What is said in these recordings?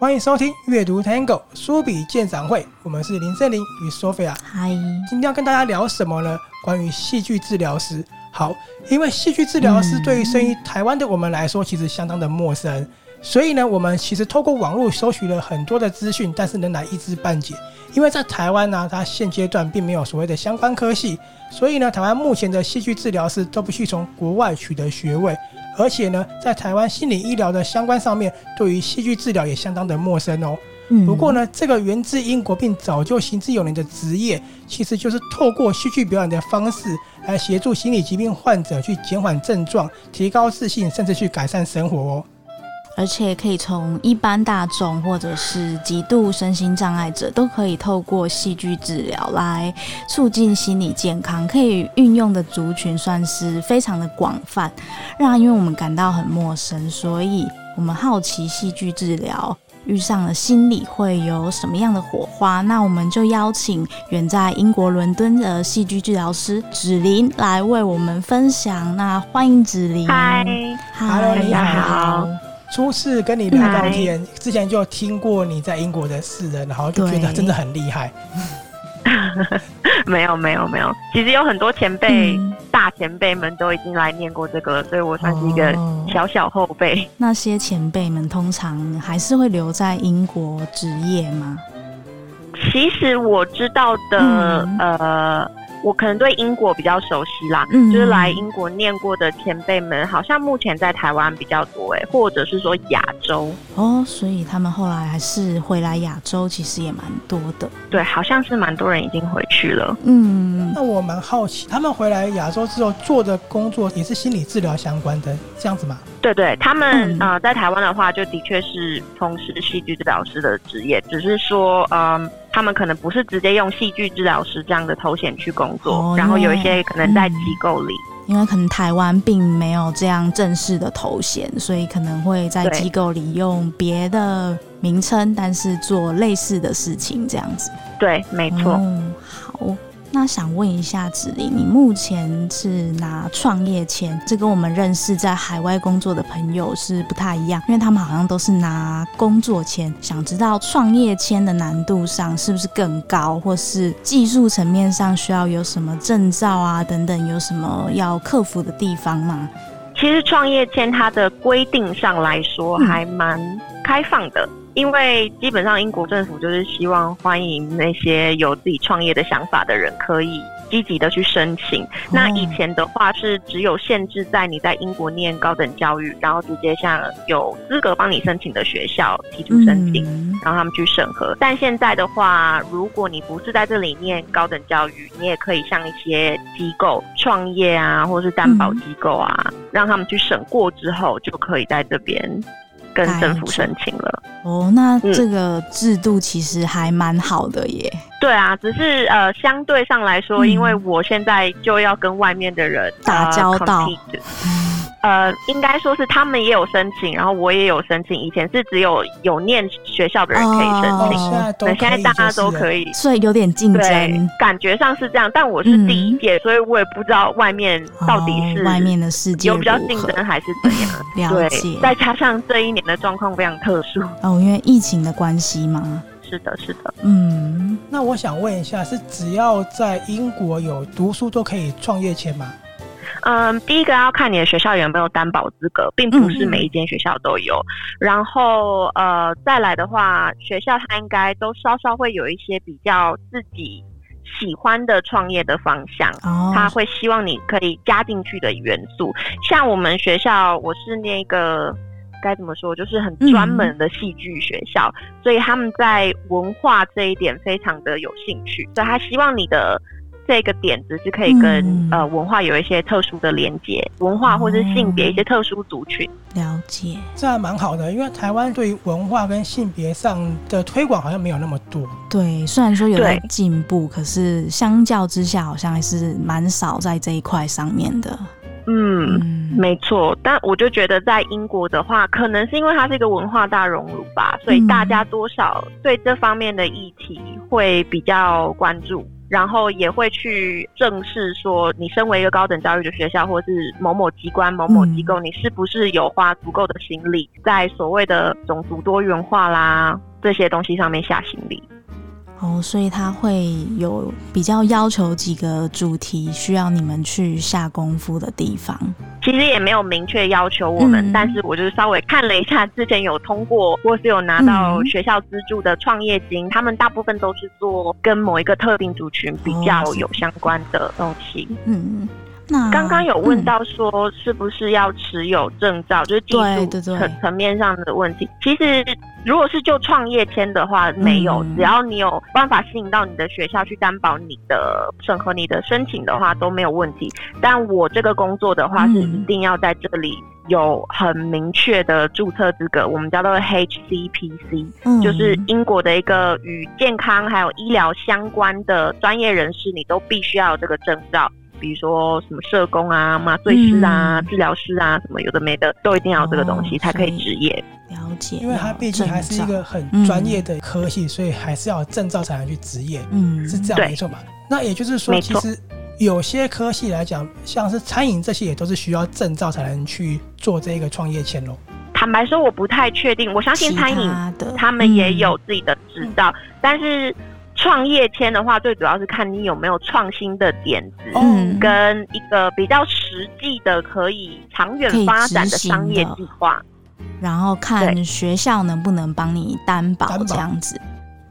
歡迎收聽閱讀 Tango 書富比鑑賞會，我們是林森林與 Sophia。Hi 今天要跟大家聊什麼呢？關於戲劇治療師。好，因為戲劇治療師對於生於台灣的我們來說，其實相當的陌生。嗯嗯。所以呢，我們其實透過網絡收取了很多的資訊，但是仍然一知半解。因為在台灣呢、啊，它現階段並沒有所謂的相關科系，所以呢，台灣目前的戲劇治療師都不需從國外取得學位，而且呢，在台灣心理醫療的相關上面，對於戲劇治療也相當的陌生哦、喔。嗯、不過呢，這個源自英國並早就行之有年的職業，其實就是透過戲劇表演的方式，來協助心理疾病患者去減緩症狀、提高自信，甚至去改善生活哦、喔。而且可以從一般大眾，或者是極度身心障礙者，都可以透過戲劇治療來促進心理健康，可以運用的族群算是非常的廣泛。讓因為我們感到很陌生，所以我們好奇戲劇治療遇上了心理會有什麼樣的火花？那我們就邀請遠在英國倫敦的戲劇治療師芷凌來為我們分享。那歡迎芷凌，嗨，Hello，大家好。初次跟你聊聊天、嗯、嗨之前就聽過你在英國的事了，然後就覺得真的很厲害對 沒、沒有沒有沒有，其實有很多前輩、嗯、大前輩們都已經來念過這個了，所以我算是一個小小後輩、哦。那些前輩們通常還是會留在英國執業嗎？其實我知道的，嗯、呃。我可能對英國比較熟悉啦，嗯、就是來英國念過的前輩們，好像目前在台灣比較多哎、欸，或者是說亞洲哦，所以他們後來還是回來亞洲，其實也蠻多的。對，好像是蠻多人已經回去了。嗯，那我蠻好奇，他們回來亞洲之後做的工作也是心理治療相關的這樣子嗎？對，對對，他們、嗯、呃在台灣的話，就的確是從事戲劇治療師的職業，只是說嗯。呃他們可能不是直接用戲劇治療師這樣的頭銜去工作，oh, yeah. 然後有一些可能在機構裡。嗯，因為可能台灣並沒有這樣正式的頭銜，所以可能會在機構裡用別的名稱，對，但是做類似的事情這樣子。對，沒錯。嗯，好。那想問一下芷凌，你目前是拿創業簽，這跟、個、我們認識在海外工作的朋友是不太一樣，因為他們好像都是拿工作簽。想知道創業簽的難度上是不是更高，或是技術層面上需要有什麼證照啊等等，有什麼要克服的地方嗎？其實創業簽它的規定上來說，還蠻開放的。因為基本上英國政府就是希望歡迎那些有自己創業的想法的人，可以積極的去申請。哦、那以前的話是只有限制在你在英國念高等教育，然後直接向有資格幫你申請的學校提出申請，讓、嗯、他們去審核。但現在的話，如果你不是在這裡念高等教育，你也可以向一些機構創業啊，或是擔保機構啊，嗯、讓他們去審過之後，就可以在這邊跟政府申請了哦，Okay. Oh, 那這個制度其實還蠻好的耶。嗯。對啊，只是呃，相對上來說，嗯，因為我現在就要跟外面的人打交道。呃，compete， 呃，應該說是他們也有申請，然後我也有申請。以前是只有有念學校的人可以申請，那、哦、現,現在大家都可以，所以有點競爭。感覺上是這樣。但我是第一屆，嗯、所以我也不知道外面到底是外面的世界有比較競爭還是怎樣。哦、 解對，再加上這一年的狀況非常特殊哦，因為疫情的關係嘛。是的，是的。嗯，那我想問一下，是只要在英國有讀書都可以創業簽嗎？嗯、呃，第一個要看你的學校有沒有擔保資格，並不是每一間學校都有。嗯嗯。然後，呃，再來的話，學校它應該都稍稍會有一些比較自己喜歡的創業的方向，他、哦、會希望你可以加進去的元素。像我們學校，我是那個，該怎麼說，就是很專門的戲劇學校，嗯嗯。所以他們在文化這一點非常的有興趣，所以他希望你的。這個點子是可以跟、嗯、呃，文化有一些特殊的連接，文化或者性別一些特殊族群、嗯、了解，這還蠻好的。因為台灣對於文化跟性別上的推廣好像沒有那麼多。對，雖然說有進步，對可是相較之下，好像還是蠻少在這一塊上面的。嗯，嗯，沒錯。但我就覺得，在英國的話，可能是因為它是一個文化大熔爐吧，所以大家多少對這方面的議題會比較關注。然後也會去正視說，你身為一個高等教育的學校，或是某某機關、某某機構，你是不是有花足夠的心力在所謂的種族多元化啦這些東西上面下心力？哦，oh, 所以他會有比較要求幾個主題，需要你們去下功夫的地方。其實也沒有明確要求我們，嗯、但是我就是稍微看了一下，之前有通過或是有拿到學校資助的創業金，嗯、他們大部分都是做跟某一個特定族群比較有相關的東西。嗯。剛剛有問到說，是不是要持有證照，嗯、就是技術層層面上的問題。對對對，其實如果是就創業簽的話，沒有，嗯、只要你有辦法吸引到你的學校去擔保你的審核、你的申請的話都沒有問題。但我這個工作的話是一定要在這裡有很明確的注冊資格，嗯、我們叫做 HCPC，嗯、就是英國的一個與健康還有醫療相關的專業人士，你都必須要有這個證照。比如說什麼社工啊、麻醉師啊、嗯、治療師啊，什麼有的沒的，都一定要有這個東西才可以執業、哦、所以。了解了，因為它畢竟還是一個很專業的科系，嗯嗯、所以還是要證照才能去執業。嗯，是這樣沒錯吧？對那也就是說，其實有些科系來講，錯像是餐飲這些，也都是需要證照才能去做這個創業簽囉。坦白說，我不太確定，我相信餐飲他們也有自己的執照，嗯、但是。創業簽的話，最主要是看你有沒有創新的點子，嗯，跟一個比較實際的可以長遠發展的商業計劃，然後看學校能不能幫你擔保這樣子。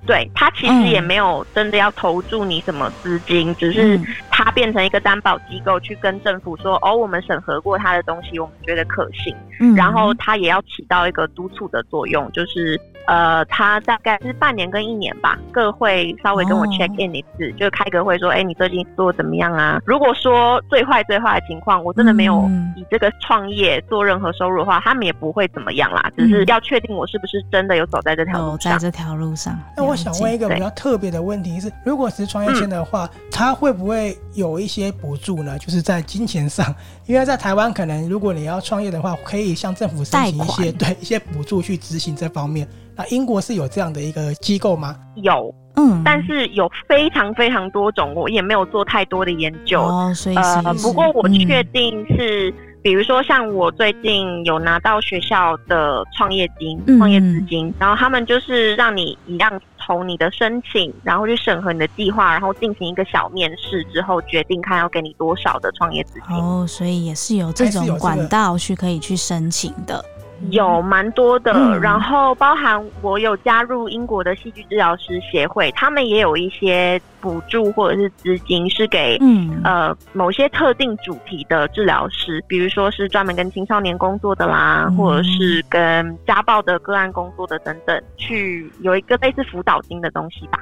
對，對他其實也沒有真的要投注你什麼資金，嗯，只是。嗯他變成一個擔保機構，去跟政府說：“哦，我們審核過他的東西，我們覺得可信。”嗯，然後他也要起到一個督促的作用，就是呃，他大概是半年跟一年吧，各會稍微跟我 check in 一次，哦、就開個會說：“哎、欸，你最近做怎麼樣啊？”如果說最壞最壞的情況，我真的沒有以這個創業做任何收入的話，嗯，他們也不會怎麼樣啦，只，嗯，是要確定我是不是真的有走在這條走在這條路上。那，哦、白我想問一個比較特別的問題是：對如果是創業圈的話，嗯，他會不會？有一些補助呢，就是在金錢上，因為在台灣可能如果你要創業的話，可以向政府申請一些貸款，對一些補助去執行這方面。那英國是有這樣的一個機構嗎？有，嗯，但是有非常非常多種，我也沒有做太多的研究。哦，所以呃，不過我確定是。嗯嗯比如說，像我最近有拿到學校的創業金，嗯、創業資金，然後他們就是讓你一樣從你的申請，然後去審核你的計劃，然後進行一個小面試之後，決定看要給你多少的創業資金。哦，所以也是有這種管道去可以去申請的。有蠻多的，嗯、然後包含我有加入英國的戲劇治療師協會，他們也有一些補助或者是資金，是給嗯呃某些特定主題的治療師，比如說是專門跟青少年工作的啦，嗯、或者是跟家暴的個案工作的等等，去有一個類似輔導金的東西吧。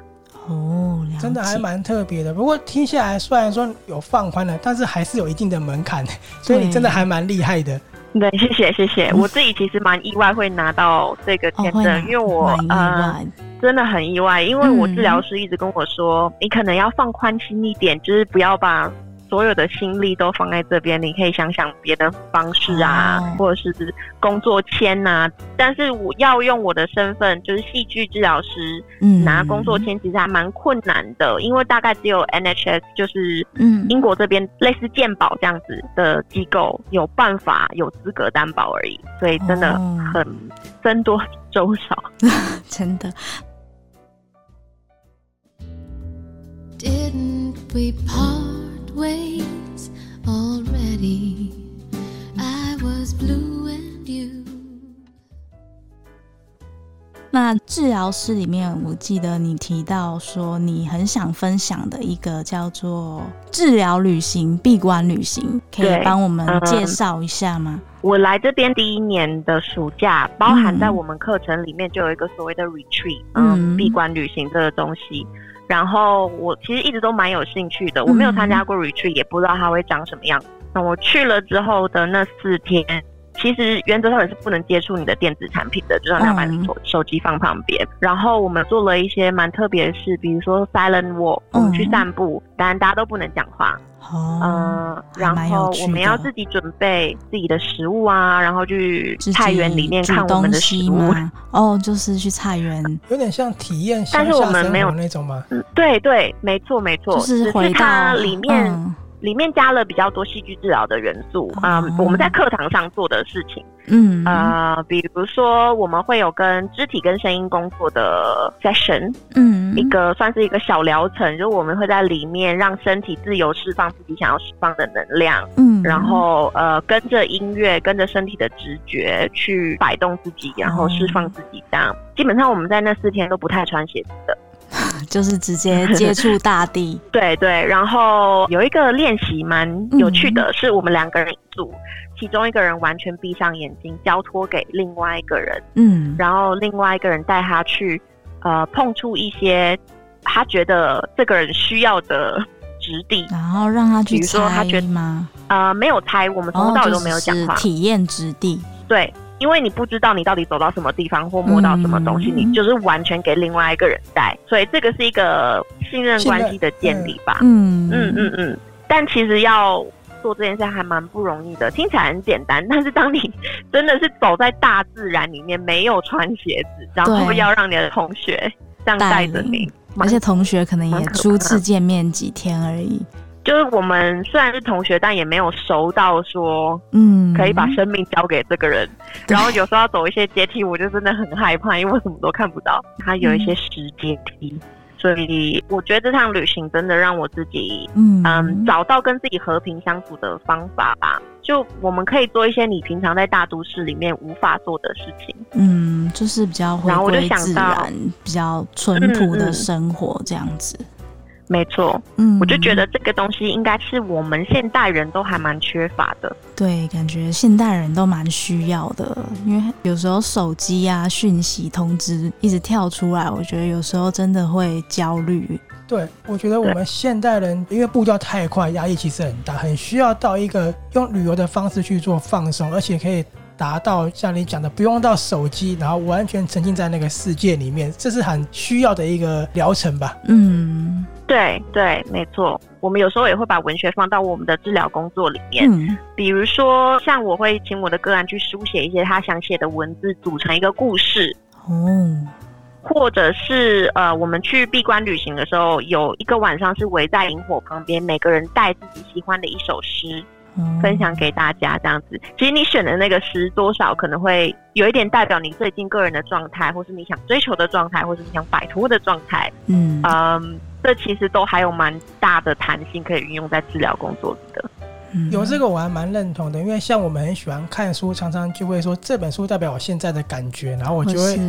哦，真的還蠻特別的。不過聽下來，雖然說有放寬了，但是還是有一定的門檻，所以你真的還蠻厲害的。對，謝謝謝謝，嗯、我自己其實蠻意外會拿到這個簽證，哦啊、因為我嗯真的很意外，因為我治療師一直跟我說，嗯、你可能要放寬心一點，就是不要把所有的心力都放在這邊，你可以想想別的方式啊，啊或者是工作簽啊。但是我要用我的身份，就是戲劇治療師，嗯、拿工作簽其實還蠻困難的，因為大概只有 NHS 就是英國這邊類似健保這樣子的機構，嗯、有辦法有資格擔保而已，所以真的很僧多粥少，哦、 真的。嗯 Waits already I was blue with you 那治療師裡面，我記得你提到說，你很想分享的一個叫做治療旅行、閉關旅行，可以幫我們介紹一下嗎？嗯，我來這邊第一年的暑假，包含在我們課程裡面就有一個所謂的 retreat，嗯，閉關旅行這個東西。然後我其實一直都蠻有興趣的，我沒有參加過 retreat，也不知道它會長什麼樣。那我去了之後的那四天。其實原則上也是不能接觸你的電子產品的，就讓他把你手機、嗯、放旁邊。然後我們做了一些蠻特別的事，比如說 Silent Walk、嗯、我們去散步，當然大家都不能講話。嗯、哦，蠻有趣的、呃、然後我們要自己準備自己的食物啊，然後去菜園裡面看我們的食物。自己煮東西嗎？哦，就是去菜園，呃，有點像體驗鄉下生活那種嗎？嗯、對對，沒錯沒錯，是回到是是它裡面。嗯裡面加了比較多戲劇治療的元素，啊、oh. 呃，我們在課堂上做的事情，嗯啊、mm. 呃，比如說我們會有跟肢體跟聲音工作的 session，嗯，mm. 一個算是一個小療程，就我們會在裡面讓身體自由釋放自己想要釋放的能量，嗯，mm. 然後呃跟着音樂，跟着身體的直覺去擺動自己，然後釋放自己，這樣、mm. 基本上我們在那四天都不太穿鞋子的。就是直接接觸大地， 對對。然後有一個練習蠻有趣的，是我們兩個人一組，其中一個人完全閉上眼睛，交託給另外一個人，嗯，然後另外一個人帶他去，呃，碰觸一些他覺得這個人需要的質地，然後讓他去，比如說他覺得嗎？呃，沒有猜，我們從頭到尾都沒有講話，哦，就是體驗質地，對。因為你不知道你到底走到什麼地方，或摸到什麼東西，嗯、你就是完全給另外一個人帶，所以這個是一個信任關係的建立吧。嗯嗯嗯嗯。但其實要做這件事還蠻不容易的，聽起來很簡單，但是當你真的是走在大自然裡面，沒有穿鞋子，然後是不是要讓你的同學這樣帶着你帶，而且同學可能也初次見面幾天而已。就是我們雖然是同學，但也沒有熟到說，嗯，可以把生命交給這個人。嗯、然後有時候要走一些階梯，我就真的很害怕，因為我什麼都看不到。它有一些石階梯，嗯、所以我覺得這趟旅行真的讓我自己，嗯嗯，找到跟自己和平相處的方法吧。就我們可以做一些你平常在大都市裡面無法做的事情。嗯，就是比較回歸自然，然後我就想到比較淳樸的生活這樣子。嗯嗯沒錯，嗯，我就覺得這個東西應該是我們現代人都還蠻缺乏的。對，感覺現代人都蠻需要的，對因為有時候手機啊訊息通知一直跳出來，我覺得有時候真的會焦慮。對，我覺得我們現代人因為步調太快，壓力其實很大，很需要到一個用旅遊的方式去做放鬆，而且可以達到像你講的，不用到手機，然後完全沉浸在那個世界裡面，這是很需要的一個療程吧。嗯。對對，沒錯。我們有時候也會把文學放到我們的治療工作裡面，嗯，比如說像我會請我的個案去書寫一些他想寫的文字，組成一個故事，哦、嗯，或者是呃，我們去閉關旅行的時候，有一個晚上是圍在螢火旁邊，每個人帶自己喜歡的一首詩，嗯、分享給大家。這樣子，其實你選的那個詩多少可能會有一點代表你最近個人的狀態，或是你想追求的狀態，或是你想擺脫的狀態，嗯嗯。Um, 這其實都還有蠻大的彈性，可以運用在治療工作裡的。嗯、有這個我還蠻認同的，因為像我們很喜歡看書，常常就會說，這本書代表我現在的感覺，然後我就會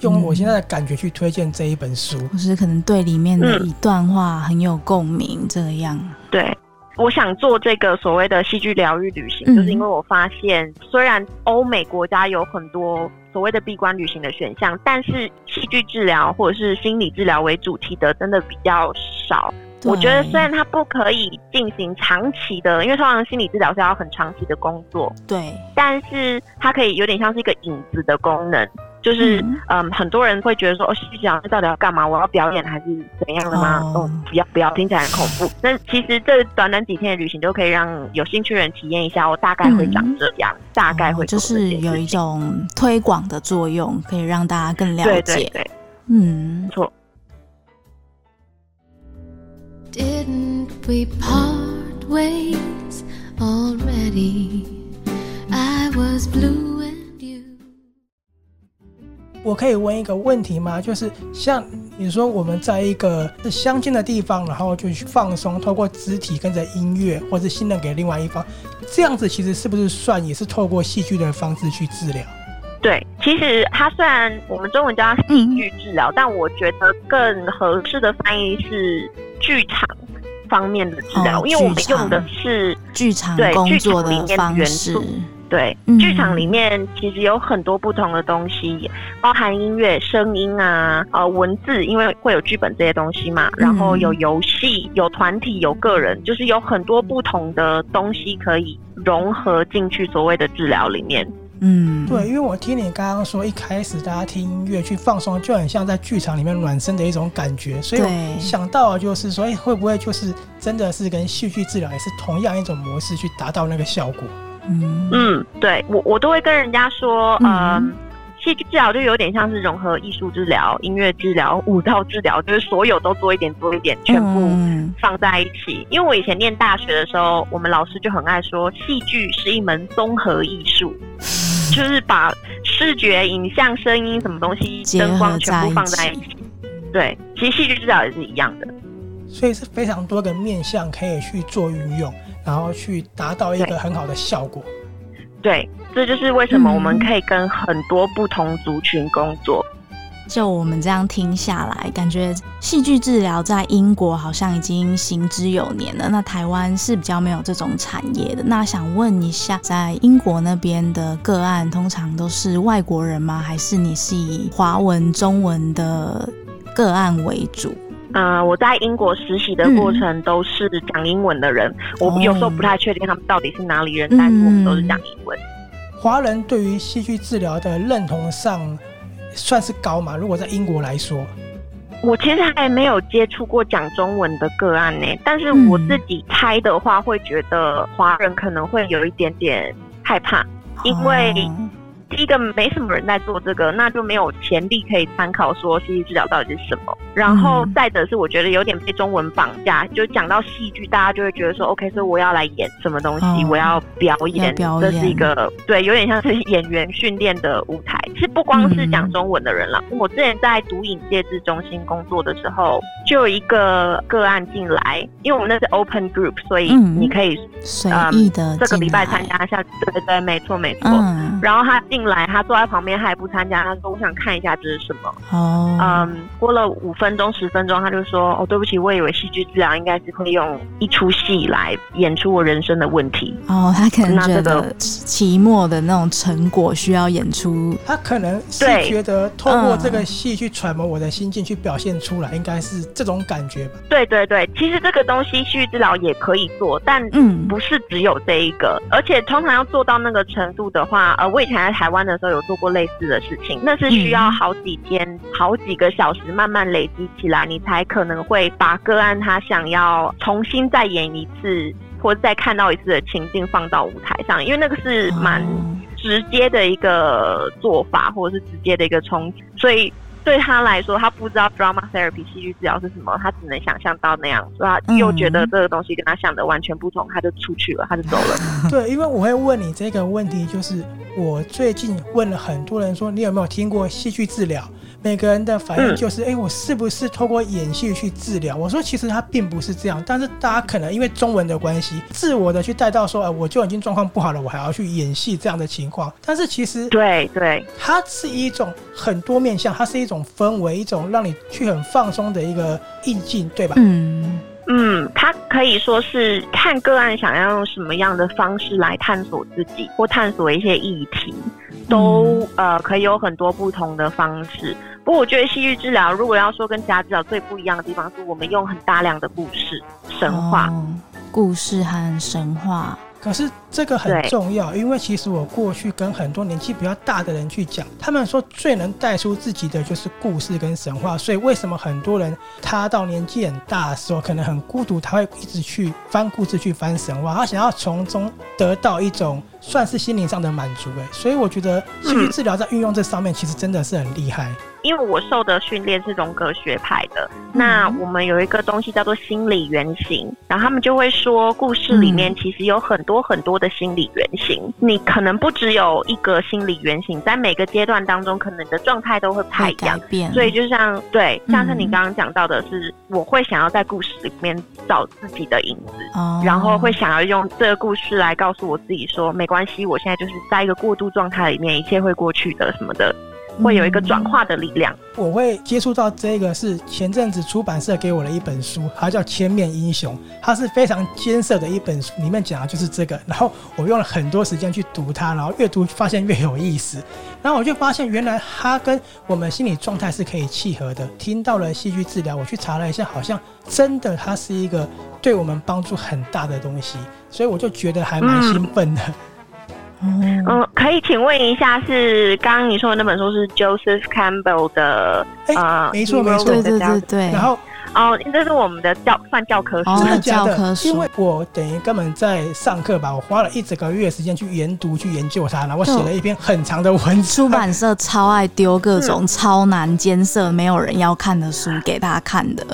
用我現在的感覺去推薦這一本書，就是、嗯嗯、可能對裡面的一段話很有共鳴，這樣對。我想做這個所謂的戲劇療癒旅行，嗯、就是因為我發現，雖然歐美國家有很多所謂的閉關旅行的選項，但是戲劇治療或者是心理治療為主題的真的比較少。對我覺得雖然它不可以進行長期的，因為通常心理治療是要很長期的工作，對，但是它可以有點像是一個影子的功能。就是，嗯、呃，很多人會覺得說，哦，戲劇老師到底要幹嘛？我要表演還是怎樣的嗎？哦，哦，不要不要，聽起來很恐怖。那其實這短短幾天的旅行都可以讓有興趣的人體驗一下，我大概會長這樣，嗯、大概會這樣、哦、就是有一種推廣的作用，可以讓大家更了解，對對對嗯，沒錯。錯我可以問一個問題嗎？就是像你說我們在一個相近的地方，然後就去放鬆，透過肢體跟着音樂，或是信任給另外一方，這樣子其實是不是算也是透過戲劇的方式去治療？對，其實它雖然我們中文叫它戲劇治療，嗯、但我覺得更合適的翻譯是劇場方面的治療，哦、因為我們用的是劇場，對，工作的方式。對，劇場裡面其實有很多不同的東西，包含音樂、聲音啊，呃，文字，因為會有劇本這些東西嘛。然後有遊戲，有團體，有個人，就是有很多不同的東西可以融合進去所謂的治療裡面。嗯，對，因為我聽你剛剛說，一開始大家聽音樂去放鬆，就很像在劇場裡面暖身的一種感覺。所以想到的就是說，哎、欸，會不會就是真的是跟戲劇治療也是同樣一種模式去達到那個效果？嗯，嗯，對，我我都會跟人家說，嗯、呃，戲劇治療就有點像是融合藝術治療、音樂治療、舞蹈治療，就是所有都多一點多一點，全部放在一起。嗯、因為我以前念大學的時候，我們老師就很愛說，戲劇是一門綜合藝術， 就是把視覺、影像、聲音什麼東西、燈光全部放在一起。一起對，其實戲劇治療也是一樣的，所以是非常多的面向可以去做運用。然後去達到一個很好的效果。對，對，這就是為什麼我們可以跟很多不同族群工作。嗯。就我們這樣聽下來，感覺戲劇治療在英國好像已經行之有年了。那台灣是比較沒有這種產業的。那想問一下，在英國那邊的個案，通常都是外國人嗎？還是你是以華文、中文的個案為主？嗯、呃，我在英國實習的過程都是講英文的人，嗯、我有時候不太確定他們到底是哪裡人，嗯嗯，但是我們都是講英文。華人對於戲劇治療的認同上算是高嘛？如果在英國來說，我其實還沒有接觸過講中文的個案呢、欸。但是我自己猜的話，會覺得華人可能會有一點點害怕，因為。第一個沒什麼人在做這個，那就沒有前例可以參考說戲劇治療到底是什麼。然後再者是我覺得有點被中文綁架，就講到戲劇，大家就會覺得說 OK，所以我要來演什麼東西，哦、我要表演，表演這是一個對，有點像是演員訓練的舞台。是不光是講中文的人了。嗯、我之前在毒癮戒治中心工作的時候，就有一個個案進來，因為我們那是 open group，所以你可以隨、嗯嗯、意的、嗯、這個禮拜參加一下。對對，對，沒錯沒錯、嗯。然後他進。來，他坐在旁邊，他也不參加。他說：“我想看一下這是什麼。”哦，嗯，過了五分鐘、十分鐘，他就說：“哦，對不起，我以為戲劇治療應該是會用一出戲來演出我人生的問題。”哦，他可能覺得期末的那種成果需要演出。他可能是覺得對透過這個戲去揣摩我的心境，去表現出來，嗯、應該是這種感覺吧？對對對，其實這個東西戲劇治療也可以做，但嗯，不是只有這一個，而且通常要做到那個程度的話，呃，我以前在台。灣的時候有做過類似的事情，那是需要好幾天、嗯、好幾個小時慢慢累積起來，你才可能會把個案他想要重新再演一次，或者再看到一次的情境放到舞台上，因為那個是蠻直接的一個做法，嗯、或者是直接的一個衝擊，所以對他來說，他不知道 drama therapy 戲劇治療是什麼，他只能想象到那樣，所以他又覺得這個東西跟他想的完全不同，他就出去了，他就走了。嗯、對，因為我會問你這個問題，就是。我最近問了很多人說，說你有沒有聽過戲劇治療？每個人的反應就是：哎、嗯，欸，我是不是透過演戲去治療？我說其實它並不是這樣，但是大家可能因為中文的關係，自我的去帶到說，哎、呃，我就已經狀況不好了，我還要去演戲這樣的情況。但是其實，對對，對它是一種很多面向，它是一種氛圍，一種讓你去很放鬆的一個意境，對吧？嗯。嗯，他可以說是看個案想要用什麼樣的方式來探索自己或探索一些議題，都、嗯、呃可以有很多不同的方式。不過我覺得戲劇治療如果要說跟其他治療最不一樣的地方，是我們用很大量的故事、神話、哦、故事和神話。可是。這個很重要，對因為其實我過去跟很多年紀比較大的人去講，他們說最能帶出自己的就是故事跟神話。所以為什麼很多人他到年紀很大的時候，可能很孤獨，他會一直去翻故事去翻神話，他想要從中得到一種算是心靈上的滿足。哎，所以我覺得戲劇治療在運用這上面、嗯、其實真的是很厲害。因為我受的訓練是榮格學派的，嗯、那我們有一個東西叫做心理原型，然後他們就會說故事裡面其實有很多很多。的心理原型，你可能不只有一個心理原型，在每個階段當中，可能你的狀態都會不太一樣，變所以就像對，像是你剛剛講到的是，是、嗯、我會想要在故事裡面找自己的影子，哦、然後會想要用這個故事來告訴我自己說，沒關係，我現在就是在一個過渡狀態裡面，一切會過去的什麼的。會有一個轉化的力量。我會接觸到這個是前陣子出版社給我的一本書，它叫《千面英雄》，它是非常艱澀的一本書，裡面講的就是這個。然後我用了很多時間去讀它，然後越讀發現越有意思。然後我就發現原來它跟我們心理狀態是可以契合的。聽到了戲劇治療，我去查了一下，好像真的它是一個對我們幫助很大的東西，所以我就覺得還蠻興奮的。嗯嗯，可以請問一下，是剛剛你說的那本書是 Joseph Campbell 的？啊，沒錯沒錯，對對對，對。然後，哦，這是我們的教，算教科書。哦、教科書，因為我等於根本在上課吧，我花了一整個月時間去研讀、去研究它，然後我寫了一篇很長的文章。對出版社超愛丟各種超難艱澀、嗯、沒有人要看的書給大家看的。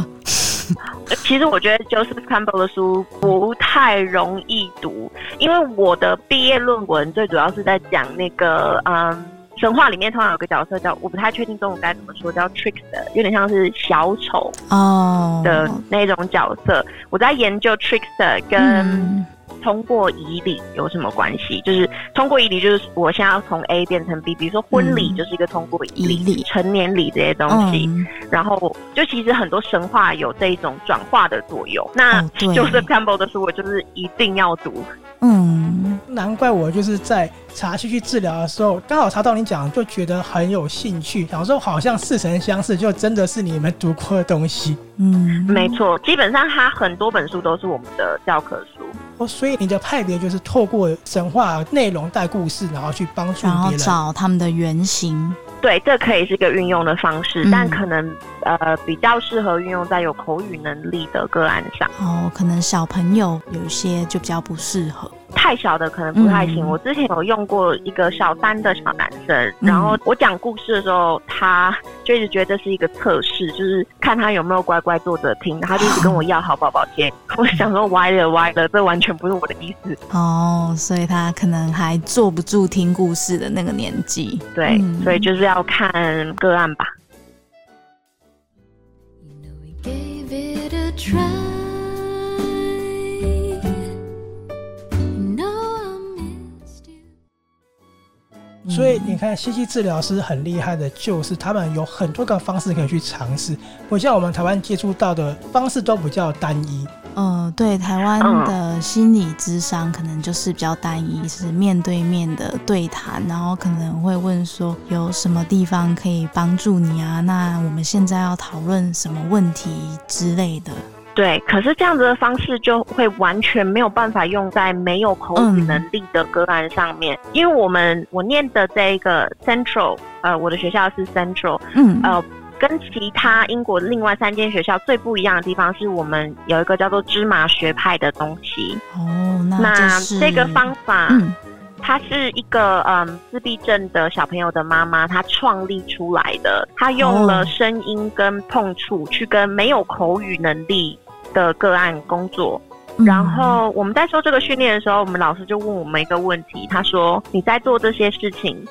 其實我覺得 Joseph Campbell 的書不太容易讀，因為我的畢業論文最主要是在講那個，嗯，神話裡面通常有個角色叫，我不太確定中文該怎麼說，叫 trickster，有點像是小丑哦的那種角色。Oh. 我在研究 trickster 跟、mm。Hmm. 通過儀禮有什麼關係？就是通過儀禮，就是我現在要從 A 變成 B。比如說婚禮就是一個通過儀禮，嗯、成年禮這些東西。嗯、然後就其實很多神話有這種轉化的作用。那、哦、就是 Campbell 的書，我就是一定要讀。嗯，難怪我就是在查去去治療的時候，剛好查到你講，就覺得很有興趣。小時候好像似曾相識，就真的是你們讀過的東西。嗯，沒錯，基本上他很多本書都是我們的教科書。哦，所以你的派別就是透過神話內容帶故事，然後去幫助別人，然後找他們的原型。對，這可以是一個運用的方式，嗯，但可能呃比較適合運用在有口語能力的個案上。哦，可能小朋友有一些就比較不適合。太小的可能不太行。嗯、我之前有用過一個小三的小男生，嗯、然後我講故事的時候，他就一直覺得是一個測試，就是看他有沒有乖乖坐着聽，他就一直跟我要好寶寶貼。我想說歪了歪了，這完全不是我的意思哦。所以他可能還坐不住聽故事的那個年紀。對，嗯、所以就是要看個案吧。嗯所以你看，戲劇治療師很厲害的，就是他們有很多個方式可以去嘗試，不像我們台灣接觸到的方式都比較單一。嗯，對，台灣的心理諮商可能就是比較單一，是面對面的對談，然後可能會問說有什麼地方可以幫助你啊？那我們現在要討論什麼問題之類的。對，可是這樣子的方式就會完全沒有辦法用在沒有口語能力的個案，上面，嗯、因為我們我唸的這一個 Central，呃，我的學校是 Central，嗯，呃，跟其他英國另外三間學校最不一樣的地方是我們有一個叫做芝麻學派的東西，哦，那，就是、那這個方法，嗯、它是一個嗯自閉症的小朋友的媽媽她創立出來的，她用了聲音跟碰觸去跟沒有口語能力的個案工作，嗯、然後我們在說這個訓練的時候，我們老師就問我們一個問題，他說：“你在做這些事情，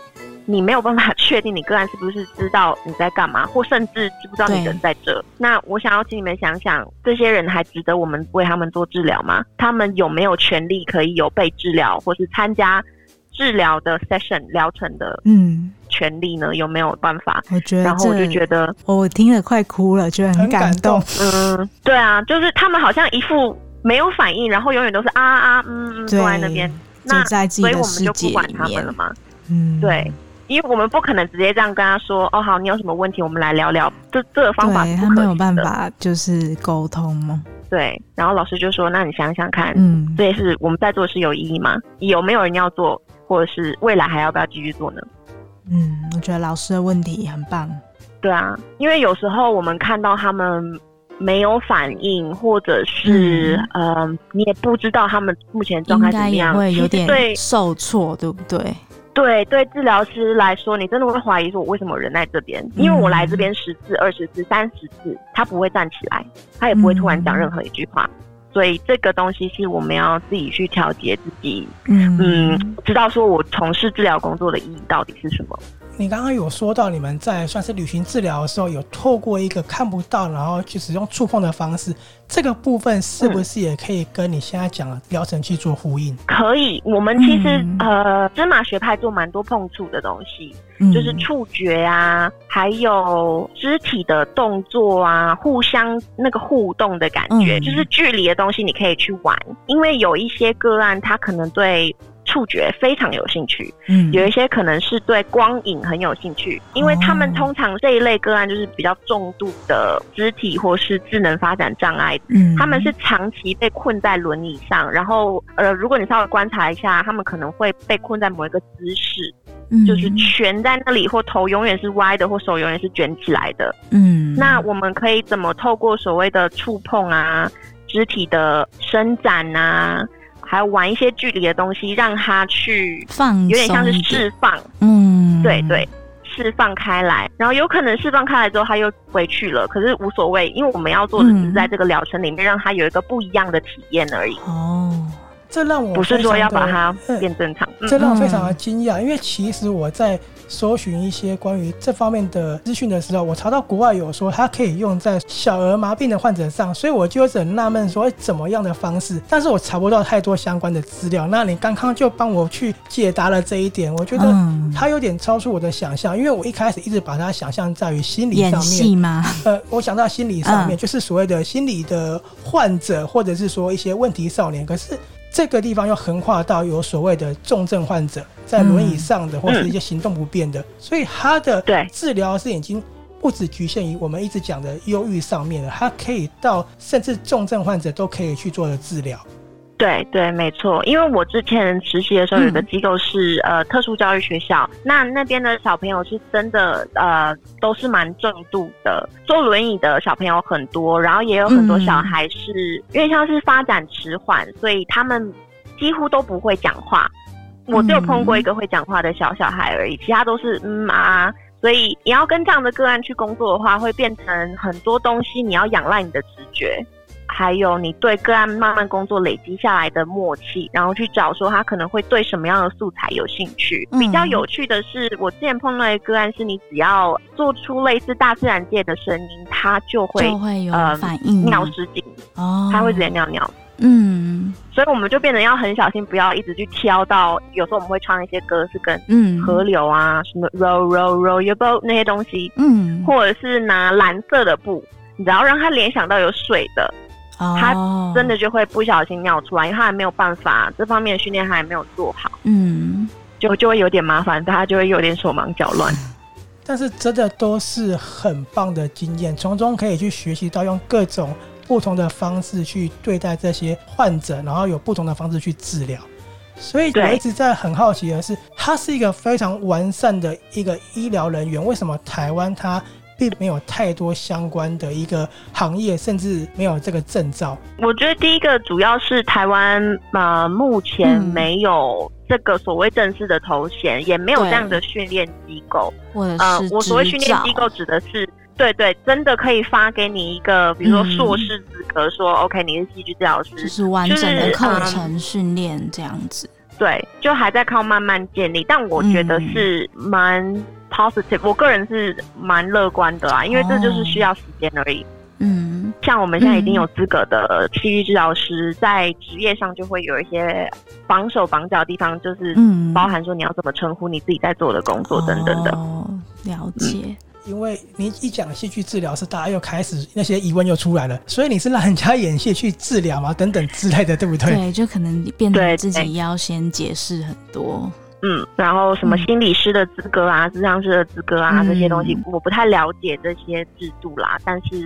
你沒有辦法確定你個案是不是知道你在幹嘛，或甚至知不知道你人在這。對那我想要請你們想想，這些人還值得我們為他們做治療嗎？他們有沒有權利可以有被治療，或是參加治療的 session 療程的？”嗯。權利呢？有沒有辦法？我覺得，然後我就覺得，我聽了快哭了，覺得很感動。感動 嗯，對啊，就是他們好像一副沒有反應，然後永遠都是啊，啊啊，嗯，坐對在那邊。那所以我們就不管他們了嘛。嗯，對，因為我們不可能直接這樣跟他說。哦、喔，好，你有什麼問題，我們來聊聊。這這個方法不可，他沒有辦法就是溝通嘛。對。然後老師就說：“那你想想看，嗯，這也是我們在做事有意義嗎？有沒有人要做，或者是未來還要不要繼續做呢？”嗯，我覺得老師的問題很棒。對啊，因為有時候我們看到他們沒有反應，或者是嗯、呃，你也不知道他們目前狀態怎麼樣，會有點受挫，對不對，對？對對，治療師來說，你真的會懷疑說我為什麼人在這邊？嗯、因為我來這邊十次、二十次、三十次，他不會站起來，他也不會突然講任何一句話。所以這個東西是我們要自己去調節自己，嗯，嗯，知道說我從事治療工作的意義到底是什麼？你剛剛有說到你們在算是旅行治療的時候，有透過一個看不到，然後去使用觸碰的方式，這個部分是不是也可以跟你現在講的療程去做呼應？可以，我們其實、嗯、呃，芝麻學派做蠻多碰觸的東西，就是觸覺啊，還有肢體的動作啊，互相那個互動的感覺，嗯、就是距離的東西你可以去玩，因為有一些個案他可能對觸覺非常有興趣，嗯、有一些可能是對光影很有興趣，因為他們通常這一類個案就是比較重度的肢體或是智能發展障礙，嗯、他們是長期被困在輪椅上，然後呃，如果你稍微觀察一下，他們可能會被困在某一個姿勢，嗯、就是蜷在那裡，或頭永遠是歪的，或手永遠是捲起來的。嗯，那我們可以怎麼透過所謂的觸碰啊，肢體的伸展啊？還玩一些距離的東西，讓他去放，有點像是釋放，放，嗯，對對，釋放開來，然後有可能釋放開來之後他又回去了，可是無所謂，因為我們要做的只是在這個療程裡面，嗯，讓他有一個不一樣的體驗而已。哦。這讓我不是說要把它變正常，嗯、這讓我非常的驚訝，嗯、因為其實我在搜尋一些關於這方面的資訊的時候，我查到國外有說它可以用在小兒麻痹的患者上，所以我就很納悶說，怎麼樣的方式，但是我查不到太多相關的資料。那你剛剛就幫我去解答了這一點，我覺得它有點超出我的想象，因為我一開始一直把它想象在於心理上面，演戲嗎？呃，我想到心理上面、嗯、就是所謂的心理的患者，或者是說一些問題少年，可是。這個地方又橫跨到有所謂的重症患者，在輪椅上的、嗯、或是一些行動不便的，所以他的治療是已經不止局限於我們一直講的憂鬱上面了，它可以到甚至重症患者都可以去做的治療。對對，沒錯，因為我之前實習的時候，有個機構是、嗯、呃特殊教育學校，那那邊的小朋友是真的呃都是蠻重度的，坐輪椅的小朋友很多，然後也有很多小孩是、嗯、因為像是發展遲緩，所以他們幾乎都不會講話，我只有碰過一個會講話的小小孩而已，其他都是嗯啊，所以你要跟這樣的個案去工作的話，會變成很多東西你要仰賴你的直覺。還有你對個案慢慢工作累積下來的默契，然後去找說他可能會對什麼樣的素材有興趣。嗯、比較有趣的是，我之前碰到一個案，是你只要做出類似大自然界的聲音，他就會，就會、啊、呃，反應尿失禁哦，他會直接尿尿。嗯，所以我們就變得要很小心，不要一直去挑到。有時候我們會唱一些歌，是跟嗯河流啊、嗯、什麼 row row row your boat 那些東西，嗯，或者是拿藍色的布，你只要讓他聯想到有水的。他真的就會不小心尿出來，因為他還沒有辦法，這方面的訓練他還沒有做好，嗯，就就會有點麻煩，他就會有點手忙腳亂。但是真的都是很棒的經驗，從中可以去學習到用各種不同的方式去對待這些患者，然後有不同的方式去治療。所以我一直在很好奇的是，對他是一個非常完善的一個醫療人員，為什麼台灣他？並沒有太多相關的一個行業，甚至沒有這個證照。我覺得第一個主要是台灣嘛、呃，目前沒有這個所謂正式的頭銜，嗯、也沒有這樣的訓練機構。對呃，我,我所謂訓練機構指的是，對,對對，真的可以發給你一個，比如說碩士資格說，說、嗯、OK，你是戲劇教師，就是完整的課程訓練這樣子。嗯、對，就還在靠慢慢建立，但我覺得是蠻。Positive，我個人是蠻樂觀的啊，因為這就是需要時間而已。哦、嗯，像我們現在已經有資格的戲劇治療師，嗯、在職業上就會有一些綁手綁腳的地方，就是包含說你要怎麼稱呼你自己在做的工作等等的。哦，了解。嗯、因為你一講戲劇治療是大家又開始那些疑問又出來了，所以你是讓人家演戲去治療啊等等之類的，對不對？對，就可能變成自己要先解釋很多。對對對嗯，然後什麼心理師的資格啊，諮商、嗯、師的資格啊，嗯、這些東西我不太了解這些制度啦，但是，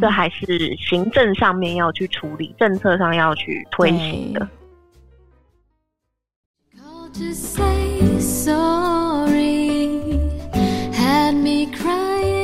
這還是行政上面要去處理，政策上要去推行的。對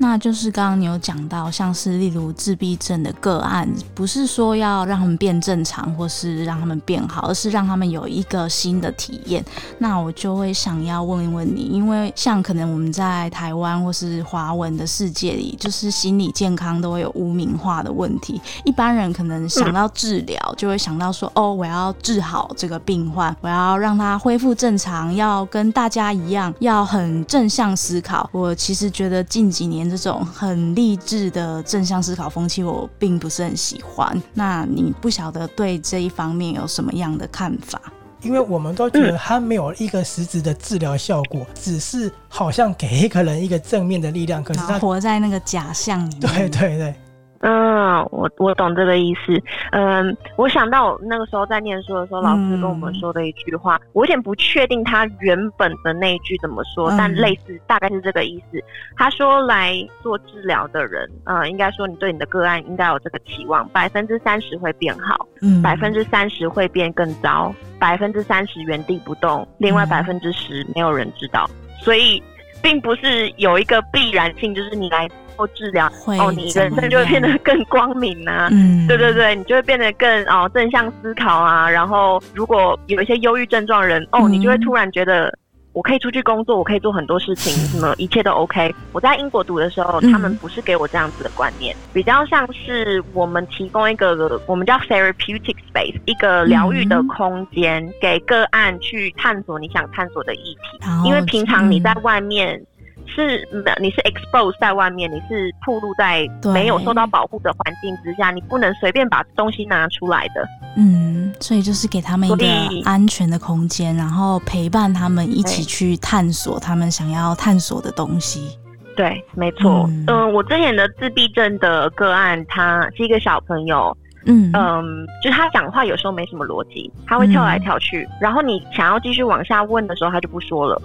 那就是剛剛你有講到，像是例如自閉症的個案，不是說要讓他們變正常或是讓他們變好，而是讓他們有一個新的體驗。那我就會想要問一問你，因為像可能我們在台灣或是華文的世界裡，就是心理健康都會有污名化的問題。一般人可能想到治療，就會想到說，哦，我要治好這個病患，我要讓他恢復正常，要跟大家一樣，要很正向思考。我其實覺得近幾年。這種很勵志的正向思考風氣，我並不是很喜歡。那你不曉得對這一方面有什麼樣的看法？因為我們都覺得他沒有一個實質的治療效果，只是好像給一個人一個正面的力量，可是他活在那個假象裡面。對對對。嗯，我我懂這個意思。嗯，我想到我那個時候在念書的時候，嗯、老師跟我們說的一句話，我有點不確定他原本的那一句怎麼說，嗯、但類似大概是這個意思。他說來做治療的人，呃、嗯，應該說你對你的個案應該有這個期望，百分之三十會變好，嗯，百分之三十會變更糟，百分之三十原地不動，嗯、另外百分之十沒有人知道。所以，並不是有一個必然性，就是你來。後治療哦，你人生就會變得更光明吶、啊。嗯，對對對，你就會變得更哦正向思考啊。然後，如果有一些憂鬱症狀的人、嗯、哦，你就會突然覺得我可以出去工作，我可以做很多事情，什麼 一切都 OK。我在英國讀的時候，嗯、他們不是給我這樣子的觀念，比較像是我們提供一個我們叫 therapeutic space，一個療癒的空間，嗯、給個案去探索你想探索的議題。好因為平常你在外面。嗯是，你是 expose 在外面，你是暴露在沒有受到保護的環境之下，對你不能隨便把東西拿出來的。嗯，所以就是給他們一個安全的空間，力然後陪伴他們一起去探索他們想要探索的東西。對，對，沒錯。嗯，嗯，我之前的自閉症的個案，他是一個小朋友，嗯嗯，就是他講話有時候沒什麼邏輯，他會跳來跳去，嗯、然後你想要繼續往下問的時候，他就不說了。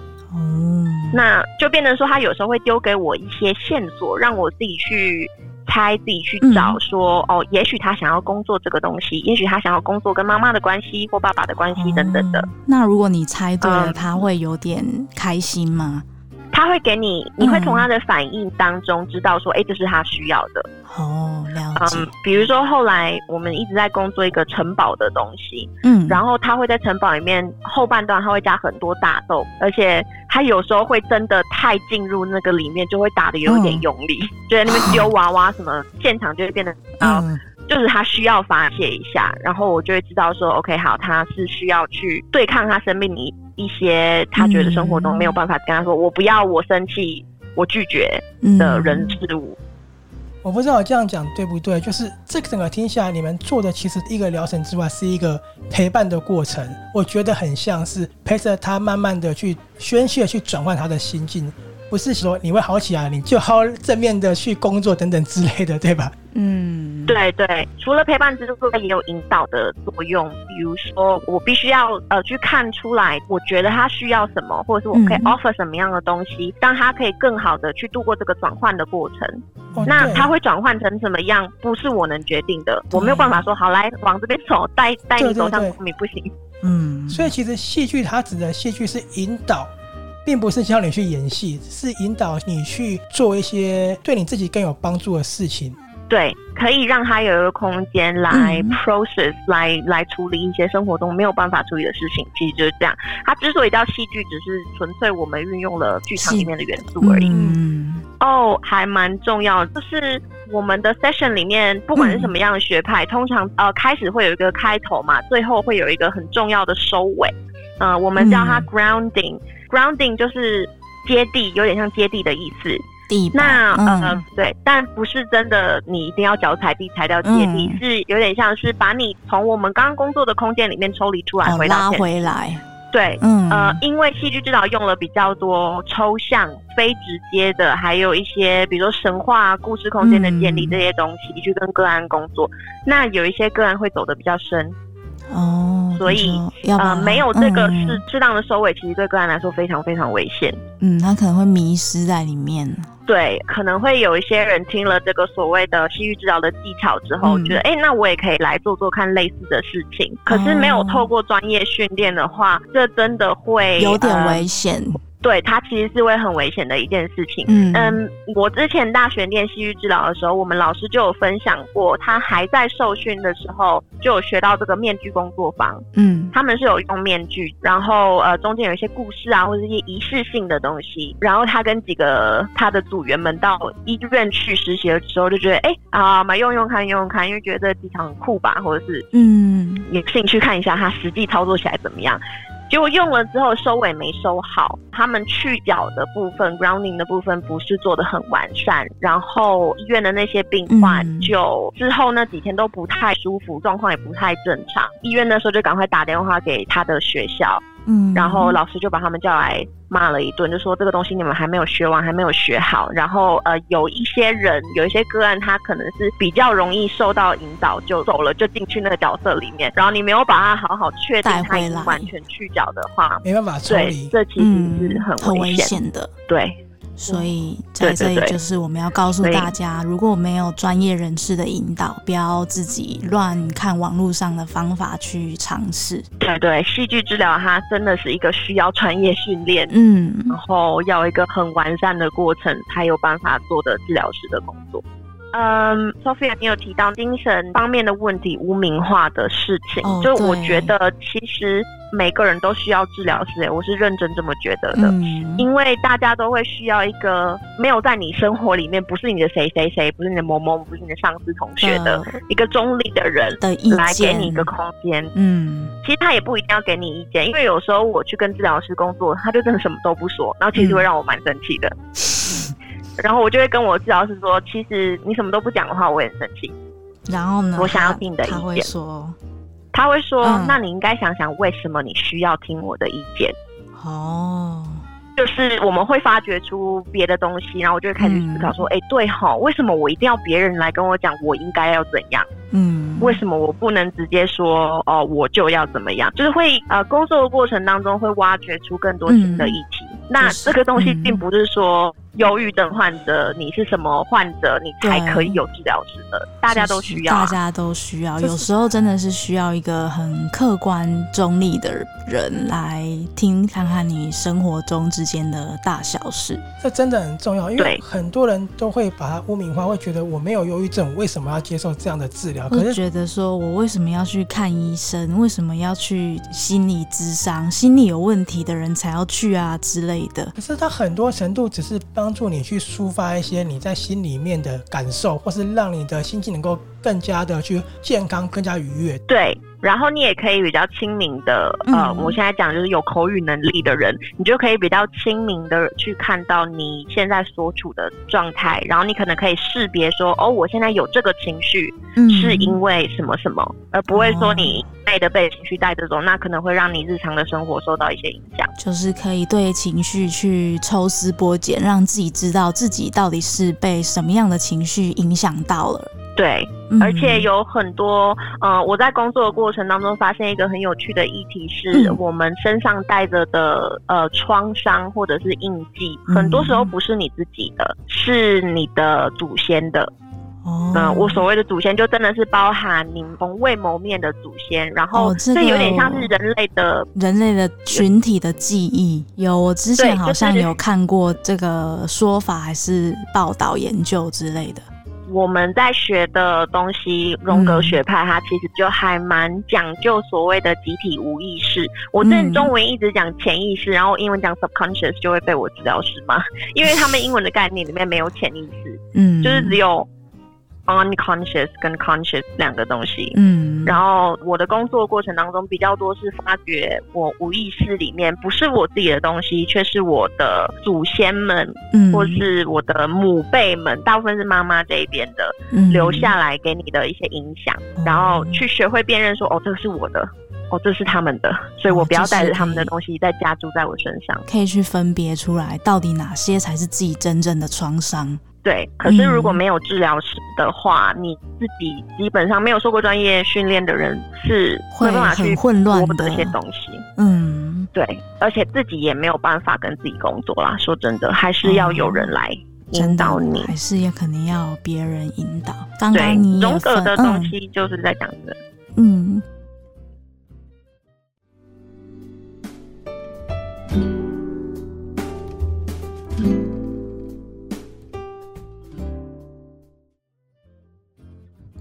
那就變成說，他有時候會丟給我一些線索，讓我自己去猜，自己去找說。說、嗯、哦，也許他想要工作這個東西，也許他想要工作跟媽媽的關係或爸爸的關係等等的、嗯。那如果你猜對了，嗯、他會有點開心嗎？他會給你，你會從他的反應當中知道說，哎、欸，這是他需要的。哦、嗯。嗯，um, 比如說後來我們一直在工作一個城堡的東西，嗯，然後他會在城堡裡面後半段，他會加很多打鬥，而且他有時候會真的太進入那個裡面，就會打得有一點用力，oh. 就在那邊丟娃娃什麼，oh. 現場就會變得、嗯、就是他需要發泄一下，然後我就會知道說，OK，好，他是需要去對抗他生命裡一些他覺得生活中沒有辦法跟他說、嗯、我不要，我生氣，我拒絕的人事物。我不知道我這樣講對不對，就是這個整個聽下來，你們做的其實一個療程之外，是一個陪伴的過程。我覺得很像是陪着他慢慢的去宣洩，去轉換他的心境。不是說你會好起來，你就好正面的去工作等等之類的，對吧？嗯，對對，除了陪伴之外，它也有引導的作用。比如說，我必須要呃去看出來，我覺得他需要什麼，或者是我可以 offer 什麼樣的東西，嗯、讓他可以更好的去度過這個轉換的過程。哦、那他會轉換成什麼樣，不是我能決定的，對我沒有辦法說好來往這邊走，帶帶你走向光明，對對對不行。嗯，所以其實戲劇它指的戲劇是引導。並不是教你去演戲，是引導你去做一些對你自己更有幫助的事情。對，可以讓他有一個空間來 process、嗯、來來處理一些生活中沒有辦法處理的事情。其實就是這樣。它之所以叫戲劇，只是純粹我們運用了劇場裡面的元素而已。嗯、哦，還蠻重要的。就是我們的 session 裡面，不管是什麼樣的學派，嗯、通常呃開始會有一個開頭嘛，最後會有一個很重要的收尾。嗯、呃，我們叫它 grounding、嗯。Grounding 就是接地，有點像接地的意思。地板那嗯、呃，對，但不是真的，你一定要腳踩地，踩掉接地，嗯、是有點像是把你從我們剛剛工作的空間裡面抽離出來，哦、回到拉回來。對，嗯呃，因為戲劇治療用了比較多抽象、非直接的，還有一些比如說神話、故事空間的建立、嗯、這些東西，去跟個案工作。那有一些個案會走得比較深，哦。所以要要呃，沒有這個適適、嗯、當的收尾，其實對個人來說非常非常危險。嗯，他可能會迷失在裡面。對，可能會有一些人聽了這個所謂的戲劇治療的技巧之後，嗯、覺得哎、欸，那我也可以來做做看類似的事情。可是沒有透過專業訓練的話，這真的會有點危險、呃。對，它其實是會很危險的一件事情。嗯嗯，我之前大學念戲劇治療的時候，我們老師就有分享過，他還在受訓的時候就有學到這個面具工作坊。嗯，他們是有用面具，然後呃中間有一些故事啊，或者一些儀式性的東西。然後他跟幾個他的。組員們到醫院去實習的時候，就覺得哎、欸、啊，買用用看，用用看，因為覺得這機場很酷吧，或者是嗯，有興趣看一下它實際操作起來怎麼樣。結果用了之後收尾沒收好，他們去角的部分、grounding 的部分不是做得很完善，然後醫院的那些病患就、嗯、之後那幾天都不太舒服，狀況也不太正常。醫院那時候就趕快打電話給他的學校，嗯，然後老師就把他們叫來。罵了一頓，就說這個東西你們還沒有學完，還沒有學好。然後呃，有一些人，有一些個案，他可能是比較容易受到引導，就走了，就進去那個角色裡面。然後你沒有把它好好確定，它已經完全去角的話，沒辦法。對，這其實是很危險、嗯、的，對。所以在這裡，就是我們要告訴大家，對對對，如果沒有專業人士的引導，所以不要自己亂看網絡上的方法去嘗試。對，對對，戲劇治療它真的是一個需要專業訓練，嗯，然後要一個很完善的過程才有辦法做的治療師的工作。嗯、um,，Sophia，你有提到精神方面的問題、汙名化的事情，oh, 就我覺得其實每個人都需要治療師、欸，我是認真這麼覺得的，mm hmm. 因為大家都會需要一個沒有在你生活裡面，不是你的誰誰誰，不是你的某某，不是你的上司、同學的、uh, 一個中立的人的意見，來給你一個空間。嗯、mm，hmm. 其實他也不一定要給你意見，因為有時候我去跟治療師工作，他就真的什麼都不說，然後其實會讓我蠻生氣的。Mm hmm. 然後我就會跟我治療師說：“其實你什麼都不講的話，我也生氣。”然後呢，我想要聽你的意見。他會說：“他會說，會說嗯、那你應該想想為什麼你需要聽我的意見。”哦，就是我們會發掘出別的東西，然後我就會開始思考說：“哎、嗯欸，對吼，為什麼我一定要別人來跟我講我應該要怎樣？”嗯，為什麼我不能直接說哦、呃，我就要怎麼樣？就是會呃，工作的過程當中會挖掘出更多新的議題。那這個東西並不是說。嗯憂鬱症患者，你是什麼患者，你才可以有治療師的對大家都需要啊。大家都需要，大家都需要。有時候真的是需要一個很客觀中立的人來聽，看看你生活中之間的大小事。這真的很重要，因為很多人都會把它污名化，會覺得我沒有憂鬱症，我為什麼要接受這樣的治療？可是我覺得說我為什麼要去看醫生？為什麼要去心理諮商？心理有問題的人才要去啊之類的。可是他很多程度只是。幫助你去抒發一些你在心裡面的感受，或是讓你的心情能夠。更加的去健康，更加愉悅。對，然後你也可以比較親民的，嗯、呃，我現在講就是有口語能力的人，你就可以比較親民的去看到你現在所處的狀態，然後你可能可以識別說，哦，我現在有這個情緒，是因為什麼什麼，嗯、而不會說你累的被情緒帶這種，嗯、那可能會讓你日常的生活受到一些影響。就是可以對情緒去抽絲剝繭，讓自己知道自己到底是被什麼樣的情緒影響到了。對，而且有很多呃，我在工作的過程當中發現一個很有趣的議題是，我們身上帶着的呃創傷或者是印記，很多時候不是你自己的，是你的祖先的。哦，嗯、呃，我所謂的祖先就真的是包含你從未謀面的祖先，然後、哦、這有點像是人類的人類的群體的記憶。有，我之前好像有看過這個說法，還是報道、研究之類的。我們在學的東西，榮格學派，它其實就還蠻講究所謂的集體無意識。我之前中文一直講潛意識，然後英文講 subconscious，就會被我治療師罵，因為他們英文的概念裡面沒有潛意識，嗯， 就是只有。unconscious 跟 conscious 兩個東西，嗯，然後我的工作過程當中比較多是發覺我無意識裡面不是我自己的東西，卻是我的祖先們，嗯，或是我的母輩們，大部分是媽媽這一邊的，嗯，留下來給你的一些影響，然後去學會辨認說，哦，這個是我的。哦，這是他們的，所以我不要帶着他們的東西再加諸在我身上。可以去分別出來，到底哪些才是自己真正的創傷？對，可是如果沒有治療師的話，嗯、你自己基本上沒有受過專業訓練的人是會很混亂的，沒辦法去割這些東西，嗯，對，而且自己也沒有辦法跟自己工作啦。說真的，還是要有人來引導你，嗯、還是也可能要別人引導。剛剛，對，榮格的東西就是在講的、嗯，嗯。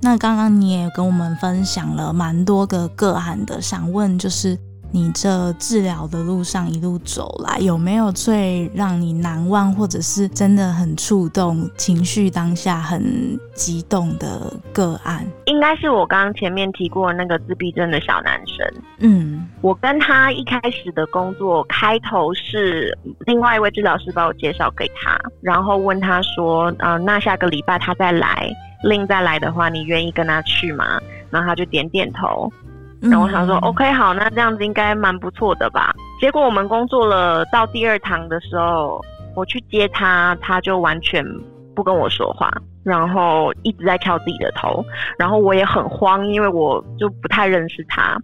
那剛剛你也跟我們分享了蠻多個個案的，想問就是你這治療的路上一路走來，有沒有最讓你難忘，或者是真的很觸動、情緒當下很激動的個案？應該是我剛剛前面提過那個自閉症的小男生。嗯，我跟他一開始的工作開頭是另外一位治療師把我介紹給他，然後問他說：“嗯、呃，那下個禮拜他再來。”另再來的話，你願意跟他去嗎？然後他就點點頭。然後我想說，嗯，OK，好，那這樣子應該蠻不錯的吧？結果我們工作了到第二堂的時候，我去接他，他就完全不跟我說話，然後一直在敲自己的頭。然後我也很慌，因為我就不太認識他，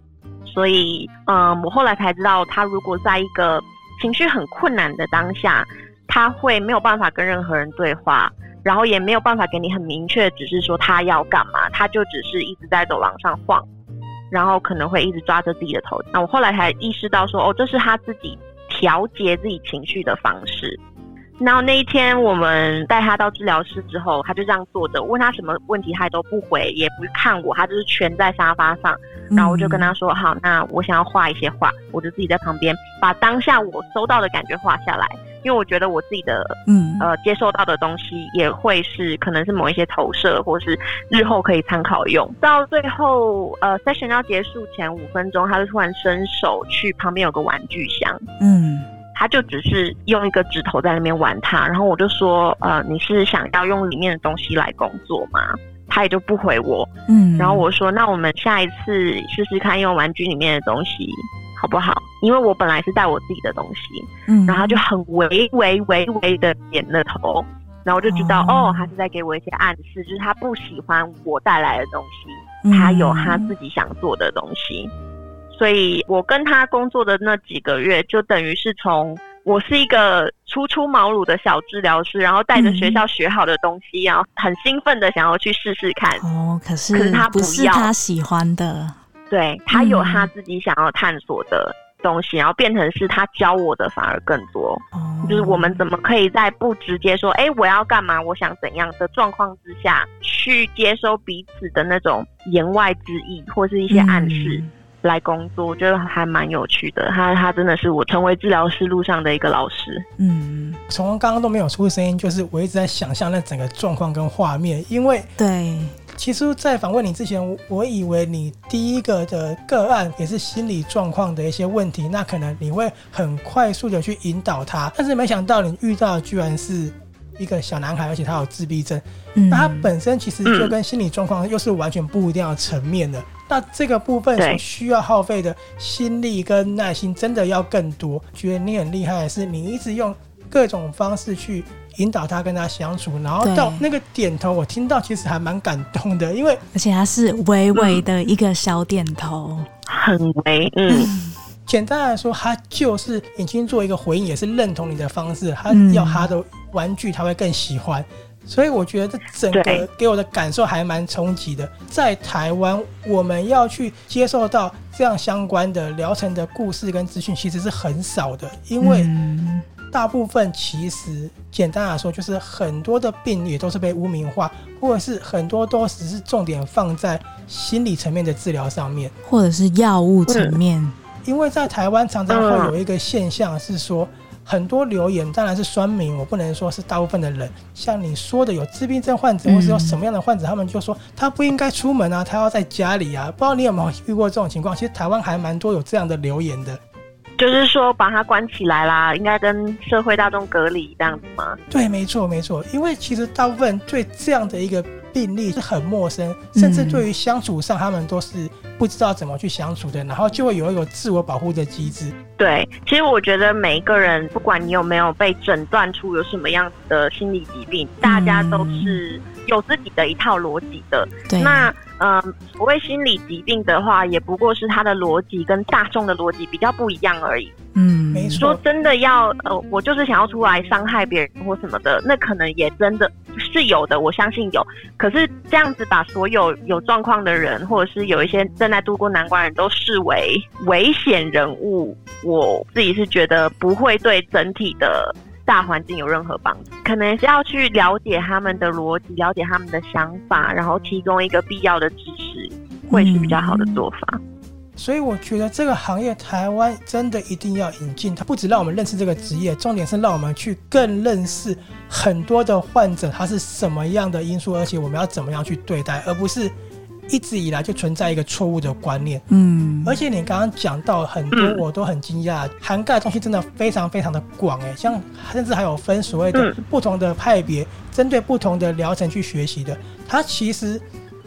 所以嗯，我後來才知道，他如果在一個情緒很困難的當下，他會沒有辦法跟任何人對話。然後也沒有辦法給你很明確的指示說，他要幹嘛，他就只是一直在走廊上晃，然後可能會一直抓着自己的頭。那我後來才意識到說，哦，這是他自己調節自己情緒的方式。然後那一天，我們帶他到治療室之後，他就這樣坐着，問他什麼問題，他都不回，也不看我，他就是蜷在沙發上。然後我就跟他說：“嗯、好，那我想要畫一些畫，我就自己在旁邊把當下我收到的感覺畫下來，因為我覺得我自己的，嗯，呃，接受到的東西也會是，可能是某一些投射，或是日後可以參考用。”到最後，呃，session 要結束前五分鐘，他就突然伸手去旁邊有個玩具箱，嗯。他就只是用一個指頭在那邊玩他，然後我就說：“呃，你是想要用裡面的東西來工作嗎？”他也就不回我。嗯，然後我說：“那我們下一次試試看用玩具裡面的東西好不好？”因為我本來是帶我自己的東西。嗯，然後他就很微微微微的點了頭，然後我就知道哦，哦，他是在給我一些暗示，就是他不喜歡我帶來的東西，他有他自己想做的東西。所以我跟他工作的那幾個月，就等於是從我是一個初出茅廬的小治療師，然後帶着學校學好的東西，嗯、然後很興奮的想要去試試看。哦，可是可是他不要，不是他喜歡的，對，他有他自己想要探索的東西，嗯、然後變成是他教我的反而更多。哦、就是我們怎麼可以在不直接說“哎、欸，我要幹嘛，我想怎樣”的狀況之下去接收彼此的那種言外之意或是一些暗示。嗯嗯來工作，我覺得還蠻有趣的。他他真的是我成為治療師路上的一個老師。嗯，從剛剛都沒有出聲音，就是我一直在想象那整個狀況跟畫面，因為對、嗯，其實，在訪問你之前，我以為你第一個的個案也是心理狀況的一些問題，那可能你會很快速的去引導他，但是沒想到你遇到居然是一個小男孩，而且他有自閉症，嗯、那他本身其實就跟心理狀況又是完全不一樣的層面的。嗯嗯那這個部分所需要耗費的心力跟耐心，真的要更多。覺得你很厲害的是，你一直用各種方式去引導他跟他相處，然後到那個點頭，我聽到其實還蠻感動的，因為而且他是微微的一個小點頭，很微。嗯，簡單來說，他就是已經做一個回應，也是認同你的方式。他要他的玩具，他會更喜歡。所以我覺得這整個給我的感受還蠻衝擊的。在台灣，我們要去接受到這樣相關的療程的故事跟資訊，其實是很少的，因為大部分其實簡單來說，就是很多的病也都是被污名化，或者是很多都只是重點放在心理層面的治療上面，或者是藥物層面。因為在台灣常常會有一個現象是說，很多留言當然是酸民，我不能說是大部分的人。像你說的，有自閉症患者或是有什麼樣的患者，嗯、他們就說他不應該出門啊，他要在家裡啊。不知道你有沒有遇過這種情況？其實台灣還蠻多有這樣的留言的，就是說把他關起來啦，應該跟社會大眾隔離這樣子嗎？對，沒錯沒錯，因為其實大部分對這樣的一個病例是很陌生，甚至對於相處上，嗯、他們都是。不知道怎麼去相處的，然後就會有一個自我保護的機制。對，其實我覺得每一個人，不管你有沒有被診斷出有什麼樣子的心理疾病，嗯、大家都是有自己的一套邏輯的。對，那嗯、呃，所謂心理疾病的話，也不過是他的邏輯跟大眾的邏輯比較不一樣而已。嗯，沒錯。說真的要呃，我就是想要出來傷害別人或什麼的，那可能也真的是有的，我相信有。可是這樣子把所有有狀況的人，或者是有一些真現在度過難關，人都視為危險人物，我自己是覺得不會對整體的大環境有任何幫助，可能是要去了解他們的邏輯，了解他們的想法，然後提供一個必要的知識，會是比較好的做法、嗯。所以我覺得這個行業台灣真的一定要引進，它不只讓我們認識這個職業，重點是讓我們去更認識很多的患者，他是什麼樣的因素，而且我們要怎麼樣去對待，而不是。一直以來就存在一個錯誤的觀念，嗯，而且你剛剛講到很多，我都很驚訝，涵蓋的東西真的非常非常的廣欸，像甚至還有分所謂的不同的派別，針對不同的療程去學習的，它其實。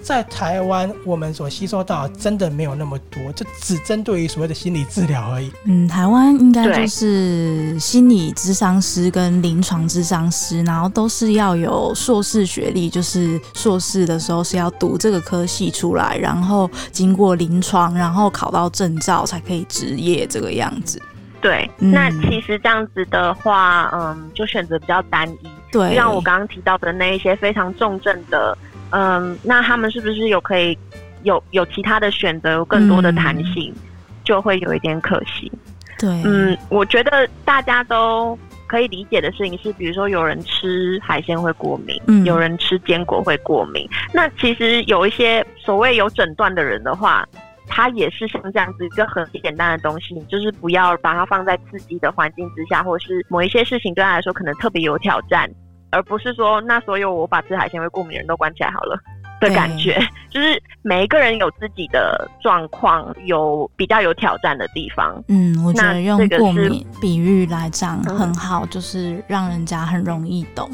在台灣，我們所吸收到的真的沒有那麼多，就只針對於所謂的心理治療而已。嗯，台灣應該就是心理諮商師跟臨床諮商師，然後都是要有碩士學歷，就是碩士的時候是要讀這個科系出來，然後經過臨床，然後考到證照才可以執業這個樣子。對，嗯，那其實這樣子的話，嗯，就選擇比較單一。對，像我剛剛提到的那一些非常重症的。嗯，那他們是不是有可以有有其他的選擇，有更多的彈性，嗯、就會有一點可惜。對，嗯，我覺得大家都可以理解的事情是，比如說有人吃海鮮會過敏，嗯、有人吃堅果會過敏。那其實有一些所謂有診斷的人的話，他也是像這樣子一個很簡單的東西，就是不要把它放在刺激的環境之下，或是某一些事情對他來說可能特別有挑戰。而不是說，那所有我把吃海鮮會過敏的人都關起來好了的感覺對，就是每一個人有自己的狀況，有比較有挑戰的地方。嗯，我覺得用過敏比喻來講、嗯、很好，就是讓人家很容易懂。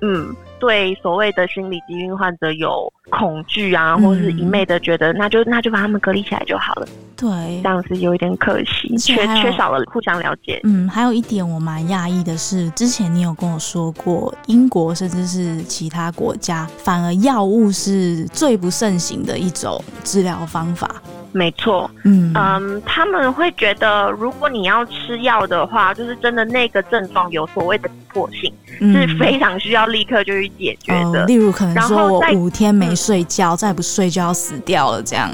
嗯，對，所謂的心理疾病患者有，恐懼啊，或者是一昧的覺得，嗯、那就那就把他們隔離起來就好了。對，這樣是有一點可惜，缺缺少了互相了解。嗯，還有一點我蠻訝異的是，之前你有跟我說過，英國甚至是其他國家，反而藥物是最不盛行的一種治療方法。沒錯，嗯嗯，嗯他們會覺得，如果你要吃藥的話，就是真的那個症狀有所謂的緊迫、迫性，嗯、是非常需要立刻就去解決的。呃、例如，可能說我五天沒。睡覺，再不睡就要死掉了。這樣，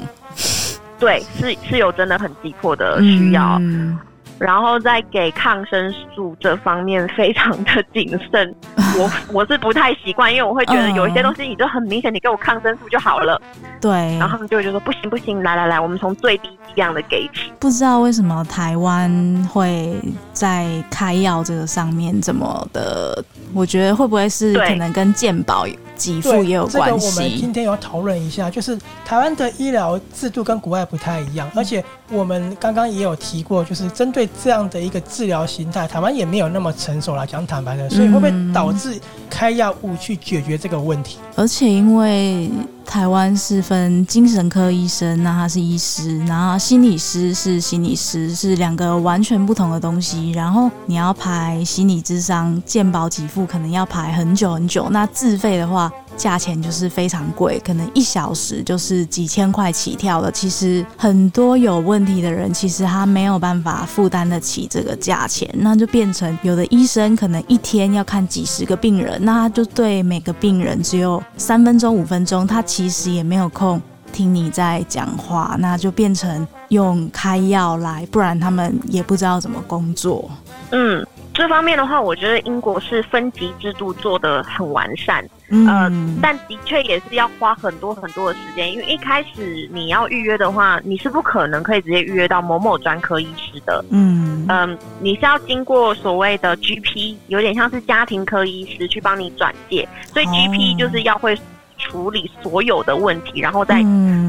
對，是是有真的很急迫的需要。嗯。然後在給抗生素這方面非常的謹慎， 我我是不太習慣，因為我會覺得有一些東西你就很明顯，你給我抗生素就好了。嗯、對，然後他們就會覺得不行不行，來來來，我們從最低劑量的給起。不知道為什麼台灣會在開藥這個上面這麼的，我覺得會不會是可能跟健保給付也有關係？這個、我們今天有要討論一下，就是台灣的醫療制度跟國外不太一樣，嗯、而且我們剛剛也有提過，就是針對。這樣的一個治療形態，台灣也沒有那麼成熟啦，講坦白的，所以會不會導致開藥物去解決這個問題？而且因為台灣是分精神科醫生啊，那他是醫師，然後心理師是心理師，是兩個完全不同的東西。然後你要排心理諮商，健保給付，可能要排很久很久。那自費的話，價錢就是非常貴，可能一小時就是幾千塊起跳了。其實很多有問題的人，其實他沒有辦法負擔得起這個價錢，那就變成有的醫生可能一天要看幾十個病人，那他就對每個病人只有三分鐘、五分鐘，他其實也沒有空聽你在講話，那就變成用開藥來，不然他們也不知道怎麼工作。嗯。這方面的話，我覺得英國是分級制度做的很完善，嗯、呃，但的確也是要花很多很多的時間，因為一開始你要預約的話，你是不可能可以直接預約到某某專科醫師的，嗯嗯、呃，你是要經過所謂的 GP，有點像是家庭科醫師去幫你轉介，所以 GP 就是要會。處理所有的問題，然後再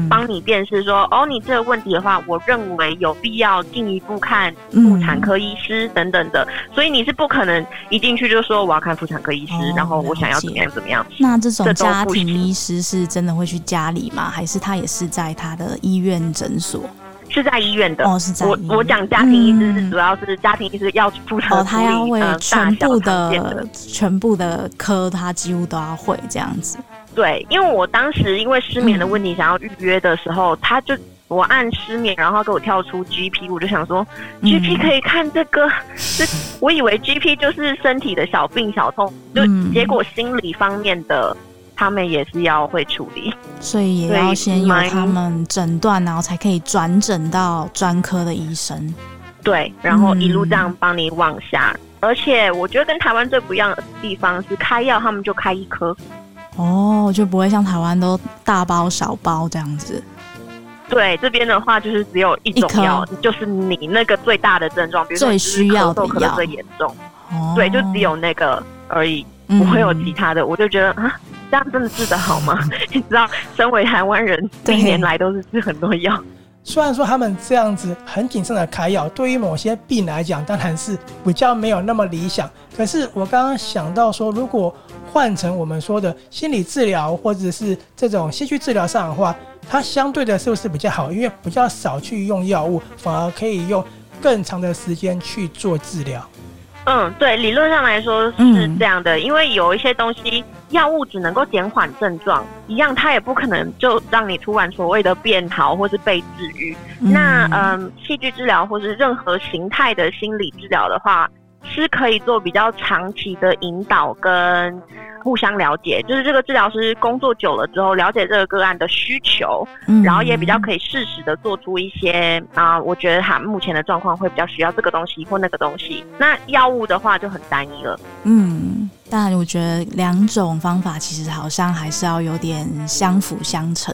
幫你辨識說、嗯、哦，你這個問題的話，我認為有必要進一步看婦產科醫師等等的，嗯、所以你是不可能一進去就說我要看婦產科醫師，哦、然後我想要怎麼樣怎麼樣、哦。那這種家庭醫師是真的會去家裡嗎？還是他也是在他的醫院診所是院、哦？是在醫院的哦，是在。我我講家庭醫師是主要是家庭醫師要婦產科的、哦，他要會全部的、呃、全部的全部的科，他幾乎都要會這樣子。對，因為我當時因為失眠的問題、嗯、想要預約的時候，他就我按失眠，然後給我跳出 G P，我就想說、嗯、G P 可以看這個，就我以為 G P 就是身體的小病小痛，嗯、就結果心理方面的他們也是要會處理，所以也要先由他們診斷，對然後才可以轉診到專科的醫生。對，然後一路這樣幫你往下，而且我覺得跟台灣最不一樣的地方是開藥，他們就開一顆。哦，oh，就不會像台灣都大包小包這樣子。對，這邊的話就是只有一種藥，顆就是你那個最大的症狀，比如說咳嗽可能最嚴重，對，就只有那個而已，不、嗯、會有其他的。我就覺得啊，這樣真的治得好嗎？ 你知道，身為台灣人，一對年來都是吃很多藥。雖然說他們這樣子很謹慎的開藥，對於某些病來講，當然是比較沒有那麼理想。可是我剛剛想到說，如果換成我們說的心理治療，或者是這種戲劇治療上的話，它相對的是不是比較好？因為比較少去用藥物，反而可以用更長的時間去做治療。嗯，對，理論上來說是這樣的，嗯、因為有一些東西，藥物只能夠減緩症狀，一樣它也不可能就讓你突然所謂的變好或是被治癒。那嗯，戲劇、嗯、治療或是任何形態的心理治療的話，是可以做比較長期的引導跟互相了解，就是這個治療師工作久了之後，了解這個個案的需求，嗯，然後也比較可以適時的做出一些啊，呃，我覺得他目前的狀況會比較需要這個東西或那個東西。那藥物的話就很單一了，嗯，但我覺得兩種方法其實好像還是要有點相輔相成。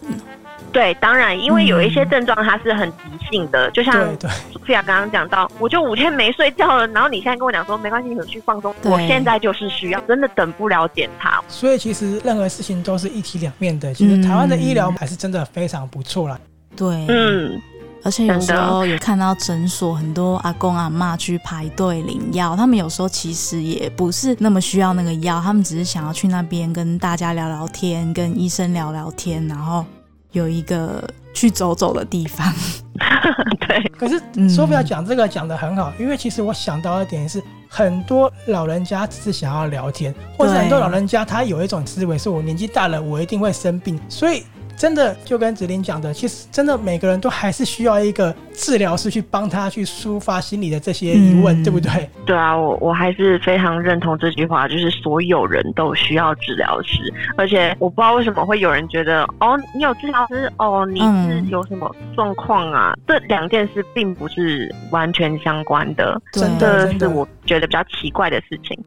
對，當然，因為有一些症狀，它是很急性的，嗯、就像蘇菲亞剛剛講到，我就五天沒睡覺了。然後你現在跟我講說沒關係，你們去放鬆，對我現在就是需要，真的等不了檢查。所以其實任何事情都是一體兩面的。其實台灣的醫療還是真的非常不錯了。嗯、對，嗯，而且有時候有看到診所很多阿公阿媽去排隊領藥，他們有時候其實也不是那麼需要那個藥，他們只是想要去那邊跟大家聊聊天，跟醫生聊聊天，然後。有一個去走走的地方， 對。可是說不要講這個講得很好，嗯、因為其實我想到的點是，很多老人家只是想要聊天，對 或者很多老人家他有一種思維，是我年紀大了，我一定會生病，所以。真的就跟芷凌講的，其實真的每個人都還是需要一個治療師去幫他去抒發心理的這些疑問，嗯、對不對？對啊，我我還是非常認同這句話，就是所有人都需要治療師。而且我不知道為什麼會有人覺得，哦，你有治療師，哦，你是有什麼狀況啊？嗯、這兩件事並不是完全相關的，啊、真的是我覺得比較奇怪的事情。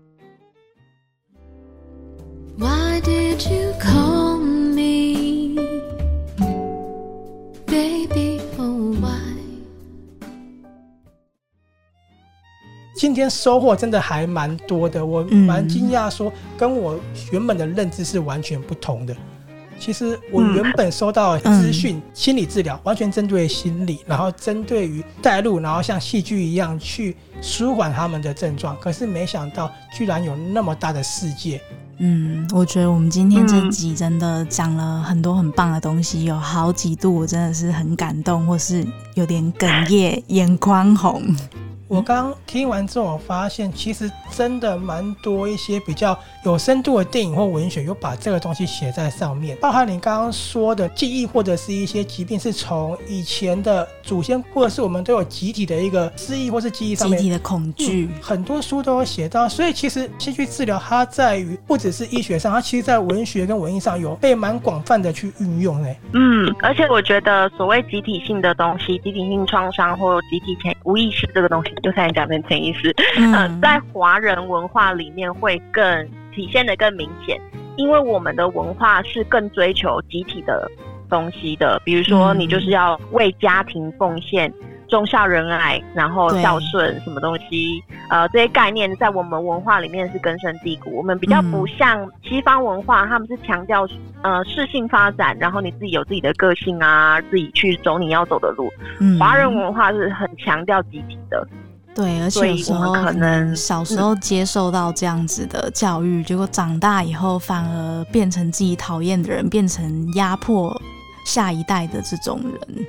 Why did you call me? Baby, 今天收穫真的還蠻多的，我蠻驚訝，說跟我原本的認知是完全不同的。其實我原本收到資訊，心理治療完全針對心理，然後針對於帶路，然後像戲劇一樣去舒緩他們的症狀。可是沒想到，居然有那麼大的世界。嗯，我覺得我們今天這集真的講了很多很棒的東西，有好幾度我真的是很感動，或是有點哽咽，眼眶紅。我剛聽完之後，我發現其實真的蠻多一些比較有深度的電影或文學，有把這個東西寫在上面。包含你剛剛說的記憶，或者是一些疾病，是從以前的祖先，或者是我們都有集體的一個失憶或是記憶上面集體的恐懼。很多書都有寫到，所以其實先去治療它，在於不只是醫學上，它其實在文學跟文藝上有被蠻廣泛的去運用、欸、嗯，而且我覺得所謂集體性的東西，集體性創傷或集體潛無意識這個東西。就算你講的潛意識，嗯，呃、在華人文化裡面會更體現得更明顯，因為我們的文化是更追求集體的東西的，比如說你就是要為家庭奉獻、忠孝仁愛，然後孝順什麼東西，對呃，這些概念在我們文化裡面是根深蒂固。我們比較不像西方文化，他們是強調呃適性發展，然後你自己有自己的個性啊，自己去走你要走的路。嗯、華人文化是很強調集體的。對，而且有時候可能，可能小時候接受到這樣子的教育，嗯、結果長大以後反而變成自己討厭的人，變成壓迫下一代的這種人。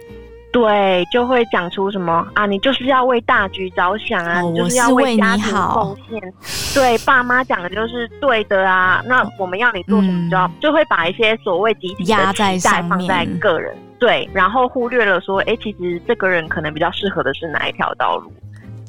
對，就會講出什麼啊，你就是要為大局着想啊，哦、你就是要為你好。對，爸媽講的就是對的啊。哦、那我們要你做什麼，就要、嗯、就會把一些所謂集體壓在放在個人在，對，然後忽略了說，哎、欸，其實這個人可能比較適合的是哪一條道路。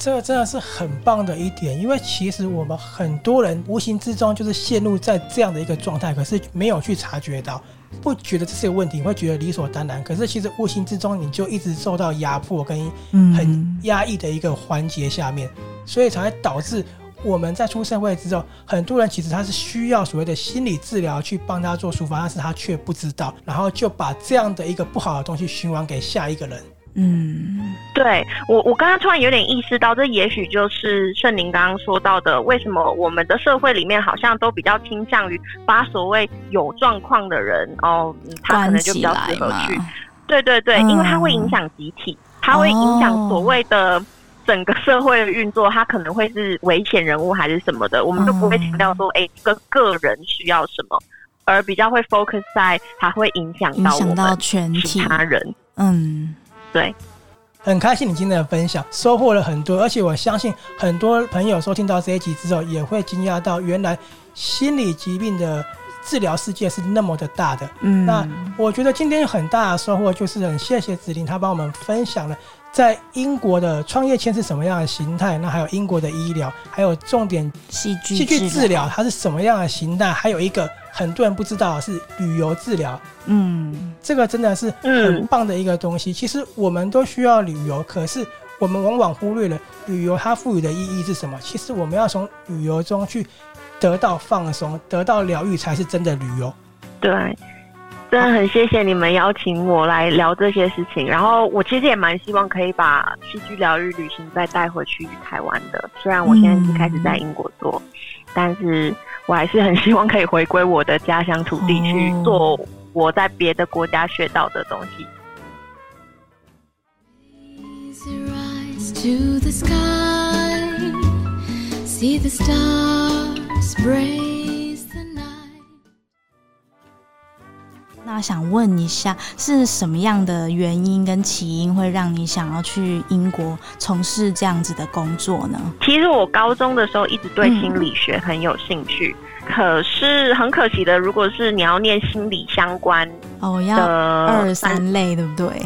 這個真的是很棒的一點，因為其實我們很多人無形之中就是陷入在這樣的一個狀態，可是沒有去察覺到，不覺得這是問題，會覺得理所當然。可是其實無形之中你就一直受到壓迫跟很壓抑的一個環節下面，嗯嗯，所以才會導致我們在出社會之後，很多人其實他是需要所謂的心理治療去幫他做抒發，但是他卻不知道，然後就把這樣的一個不好的東西循環給下一個人。嗯，對我，我剛剛突然有點意識到，這也許就是芷凌剛剛說到的，為什麼我們的社會裡面好像都比較傾向於把所謂有狀況的人哦，他可能就比較適合去，對對對，嗯、因為他會影響集體，體，他會影響所謂的整個社會的運作，他可能會是危險人物還是什麼的，我們就不會強調說，哎、嗯，一、這個個人需要什麼，而比較會 focus 在他會影響到我們全其他人，嗯。對，很開心你今天的分享，收穫了很多，而且我相信很多朋友收聽到這一集之後，也會驚訝到原來心理疾病的治療世界是那麼的大的。嗯，那我覺得今天有很大的收穫，就是很謝謝芷凌，他幫我們分享了在英國的創業簽是什麼樣的形態，那還有英國的醫療，還有重點戲劇治療好它是什麼樣的形態，還有一個。很多人不知道是旅遊治療，嗯，這個真的是很棒的一個東西。嗯、其實我們都需要旅遊，可是我們往往忽略了旅遊它賦予的意義是什麼。其實我們要從旅遊中去得到放鬆、得到療癒，才是真的旅遊。對，真的很謝謝你們邀請我來聊這些事情。好然後我其實也蠻希望可以把戲劇療癒旅行再帶回去，去台灣的。雖然我現在是開始在英國做，嗯、但是。我還是很希望可以回歸我的家鄉土地，去做我在別的國家學到的東西。Oh. 那想問一下，是什麼樣的原因跟起因會讓你想要去英國從事這樣子的工作呢？其實我高中的時候一直對心理學很有興趣，嗯、可是很可惜的，如果是你要念心理相關哦，要二三類，嗯、對不對？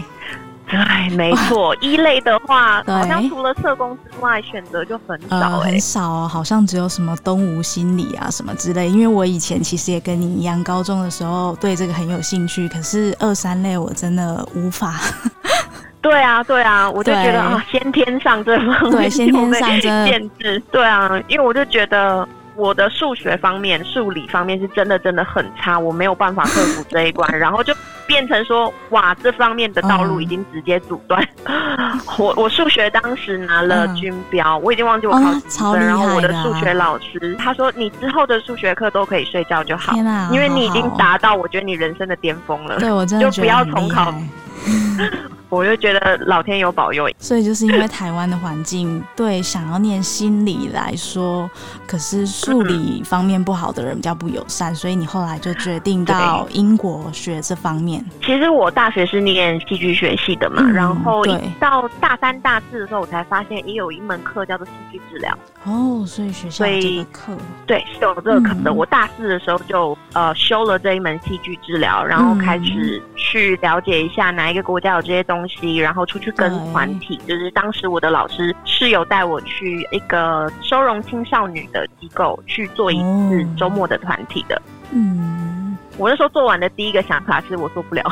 對，沒錯，哇一類的話，對好像除了社工之外，選擇就很少欸。呃，很少哦，好像只有什麼東吳心理啊什麼之類。因為我以前其實也跟你一樣，高中的時候對這個很有興趣，可是二三類我真的無法。對啊，對啊，我就覺得對啊，先天上這方面對先天上的限制， 對啊，因為我就覺得我的數學方面、數理方面是真的真的很差，我沒有辦法克服這一關， 然後就。變成說，哇，這方面的道路已經直接阻斷哦。 我我數學當時拿了均標，嗯、我已經忘記我考幾分。哦啊，然後我的數學老師他說，你之後的數學課都可以睡覺就好，啊，好好，因為你已經達到我覺得你人生的巔峰了。對，我真的覺得就不要重考。 我就覺得老天有保佑，所以就是因為台灣的環境 對想要念心理來說，可是數理方面不好的人比較不友善，嗯、所以你後來就決定到英國學這方面。其實我大學是念戲劇學系的嘛，嗯、然後一到大三、大四的時候，我才發現也有一門課叫做戲劇治療。哦，所以學校有這個課。對，是有這個課的。嗯、我大四的時候就呃修了這一門戲劇治療，然後開始去了解一下哪一個國家有這些東西。東西，然後出去跟團體，對就是當時我的老師是有帶我去一個收容青少女的機構去做一次週末的團體的。哦、嗯，我那時候做完的第一個想法是我做不了，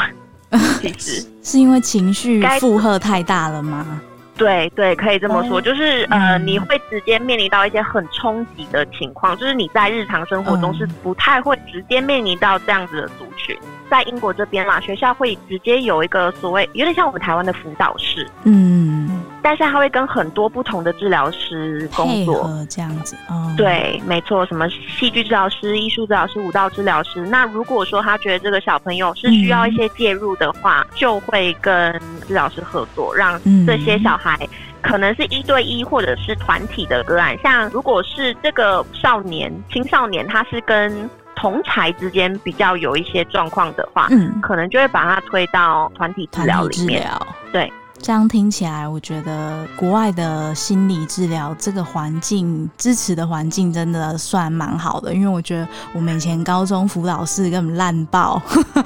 其實是因為情緒負荷太大了嗎？對對，可以這麼說，嗯、就是呃，嗯、你會直接面臨到一些很衝擊的情況，就是你在日常生活中是不太會直接面臨到這樣子的族群。在英國這邊嘛，學校會直接有一個所謂，有點像我們台灣的輔導室，嗯。但是他會跟很多不同的治療師工作，這樣子。哦、對，沒錯。什麼戲劇治療師、藝術治療師、舞蹈治療師。那如果說他覺得這個小朋友是需要一些介入的話，嗯、就會跟治療師合作，讓這些小孩可能是一對一或者是團體的個案。嗯、像如果是這個少年、青少年，他是跟同儕之間比較有一些狀況的話，嗯，可能就會把他推到團體治療裡面。對。這樣聽起來，我覺得國外的心理治療這個環境支持的環境真的算蠻好的，因為我覺得我們以前高中輔導室根本爛爆。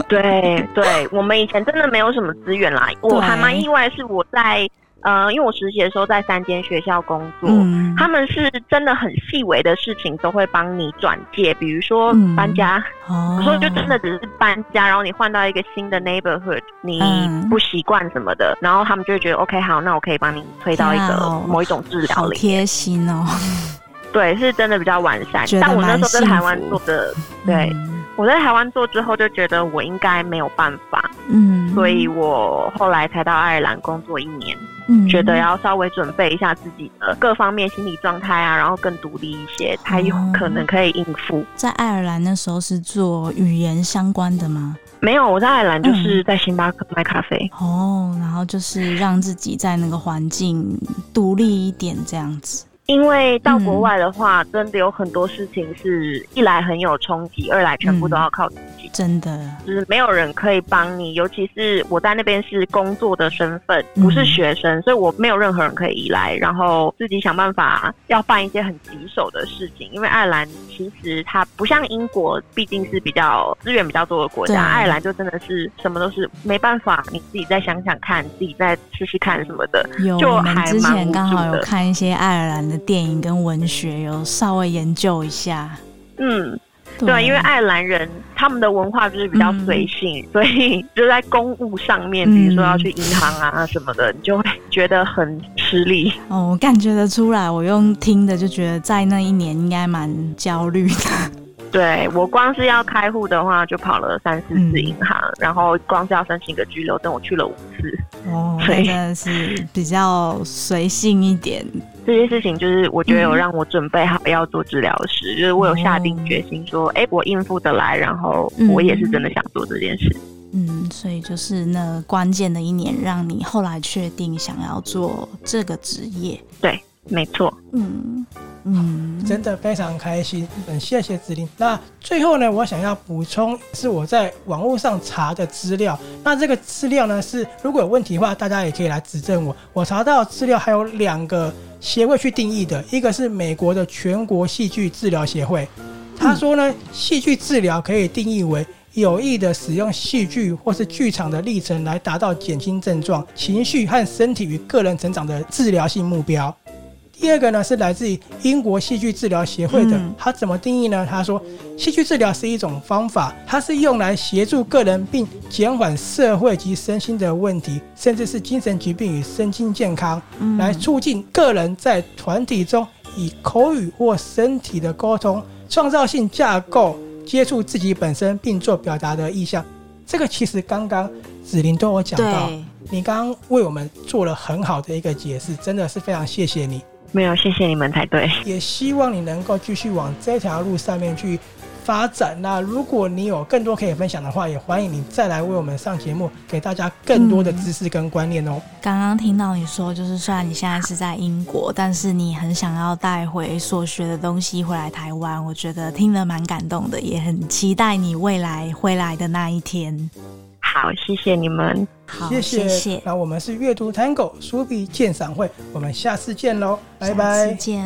對對， 我們以前真的沒有什麼資源啦。我還蠻意外，是我在。呃，因為我實習的時候在三間學校工作，嗯、他們是真的很細微的事情都會幫你轉介，比如說搬家，我、嗯、說就真的只是搬家，嗯、然後你換到一個新的 neighborhood，你不習慣什麼的，然後他們就會覺得、嗯、OK 好，那我可以幫你推到一個某一種治療裡。好貼心哦， 對，是真的比較完善。覺得蠻幸福。但我那時候在台灣做的對。嗯我在台灣做之後就覺得我應該沒有辦法，嗯，所以我後來才到愛爾蘭工作一年，嗯，覺得要稍微準備一下自己的各方面心理狀態啊，然後更獨立一些，哦、才有可能可以應付。在愛爾蘭那時候是做語言相關的嗎？沒有，我在愛爾蘭就是在星巴克賣咖啡、嗯、哦，然後就是讓自己在那個環境獨立一點這樣子。因為到國外的話，嗯、真的有很多事情是一來很有衝擊，二來全部都要靠自己。嗯、真的，就是沒有人可以幫你。尤其是我在那邊是工作的身份，不是學生，嗯、所以我沒有任何人可以依賴，然後自己想辦法要辦一些很棘手的事情。因為愛爾蘭其實它不像英國，畢竟是比較資源比較多的國家，對愛爾蘭就真的是什麼都是沒辦法，你自己再想想看，自己再試試看什麼的。有，就還我們之前剛好有看一些愛爾蘭的。電影跟文學有稍微研究一下，嗯，對，對，因為愛爾蘭人他們的文化就是比較隨性，嗯、所以就在公務上面，嗯、比如說要去銀行啊什麼的，你就會覺得很吃力。哦，我感覺得出來，我用聽的就覺得在那一年應該蠻焦慮的。對，我光是要開戶的話，就跑了三四次銀行，嗯、然後光是要申請個居留等我去了五次。哦，所以真的是比較隨性一點。這件事情就是，我覺得有讓我準備好要做治療師，嗯、就是我有下定決心說，哎、欸，我應付得來，然後我也是真的想做這件事。嗯，所以就是那關鍵的一年，讓你後來確定想要做這個職業。對。沒錯，嗯嗯，真的非常開心。嗯，謝謝芷凌。那最後呢，我想要補充是我在網絡上查的資料。那這個資料呢，是如果有問題的話，大家也可以來指正我。我查到資料還有兩個協會去定義的，一個是美國的全國戲劇治療協會，他說呢，戲劇治療可以定義為有意的使用戲劇或是劇場的歷程來達到減輕症狀、情緒和身體與個人成長的治療性目標。第二個呢是來自於英國戲劇治療協會的，嗯、他怎麼定義呢？他說，戲劇治療是一種方法，它是用來協助個人並減緩社會及身心的問題，甚至是精神疾病與身心健康，嗯、來促進個人在團體中以口語或身體的溝通，創造性架構接觸自己本身並做表達的意向。這個其實剛剛芷凌都有講到，對你剛剛為我們做了很好的一個解釋，真的是非常謝謝你。沒有，謝謝你們才對。也希望你能夠繼續往這條路上面去發展。那如果你有更多可以分享的話，也歡迎你再來為我們上節目，給大家更多的知識跟觀念哦。嗯、剛剛聽到你說，就是雖然你現在是在英國，好但是你很想要帶回所學的東西回來台灣，我覺得聽得蠻感動的，也很期待你未來回來的那一天。好，謝謝你們。好謝謝。那謝我們是閱讀 Tango 書富比鑑賞會，我們下次見嘍，見，拜拜。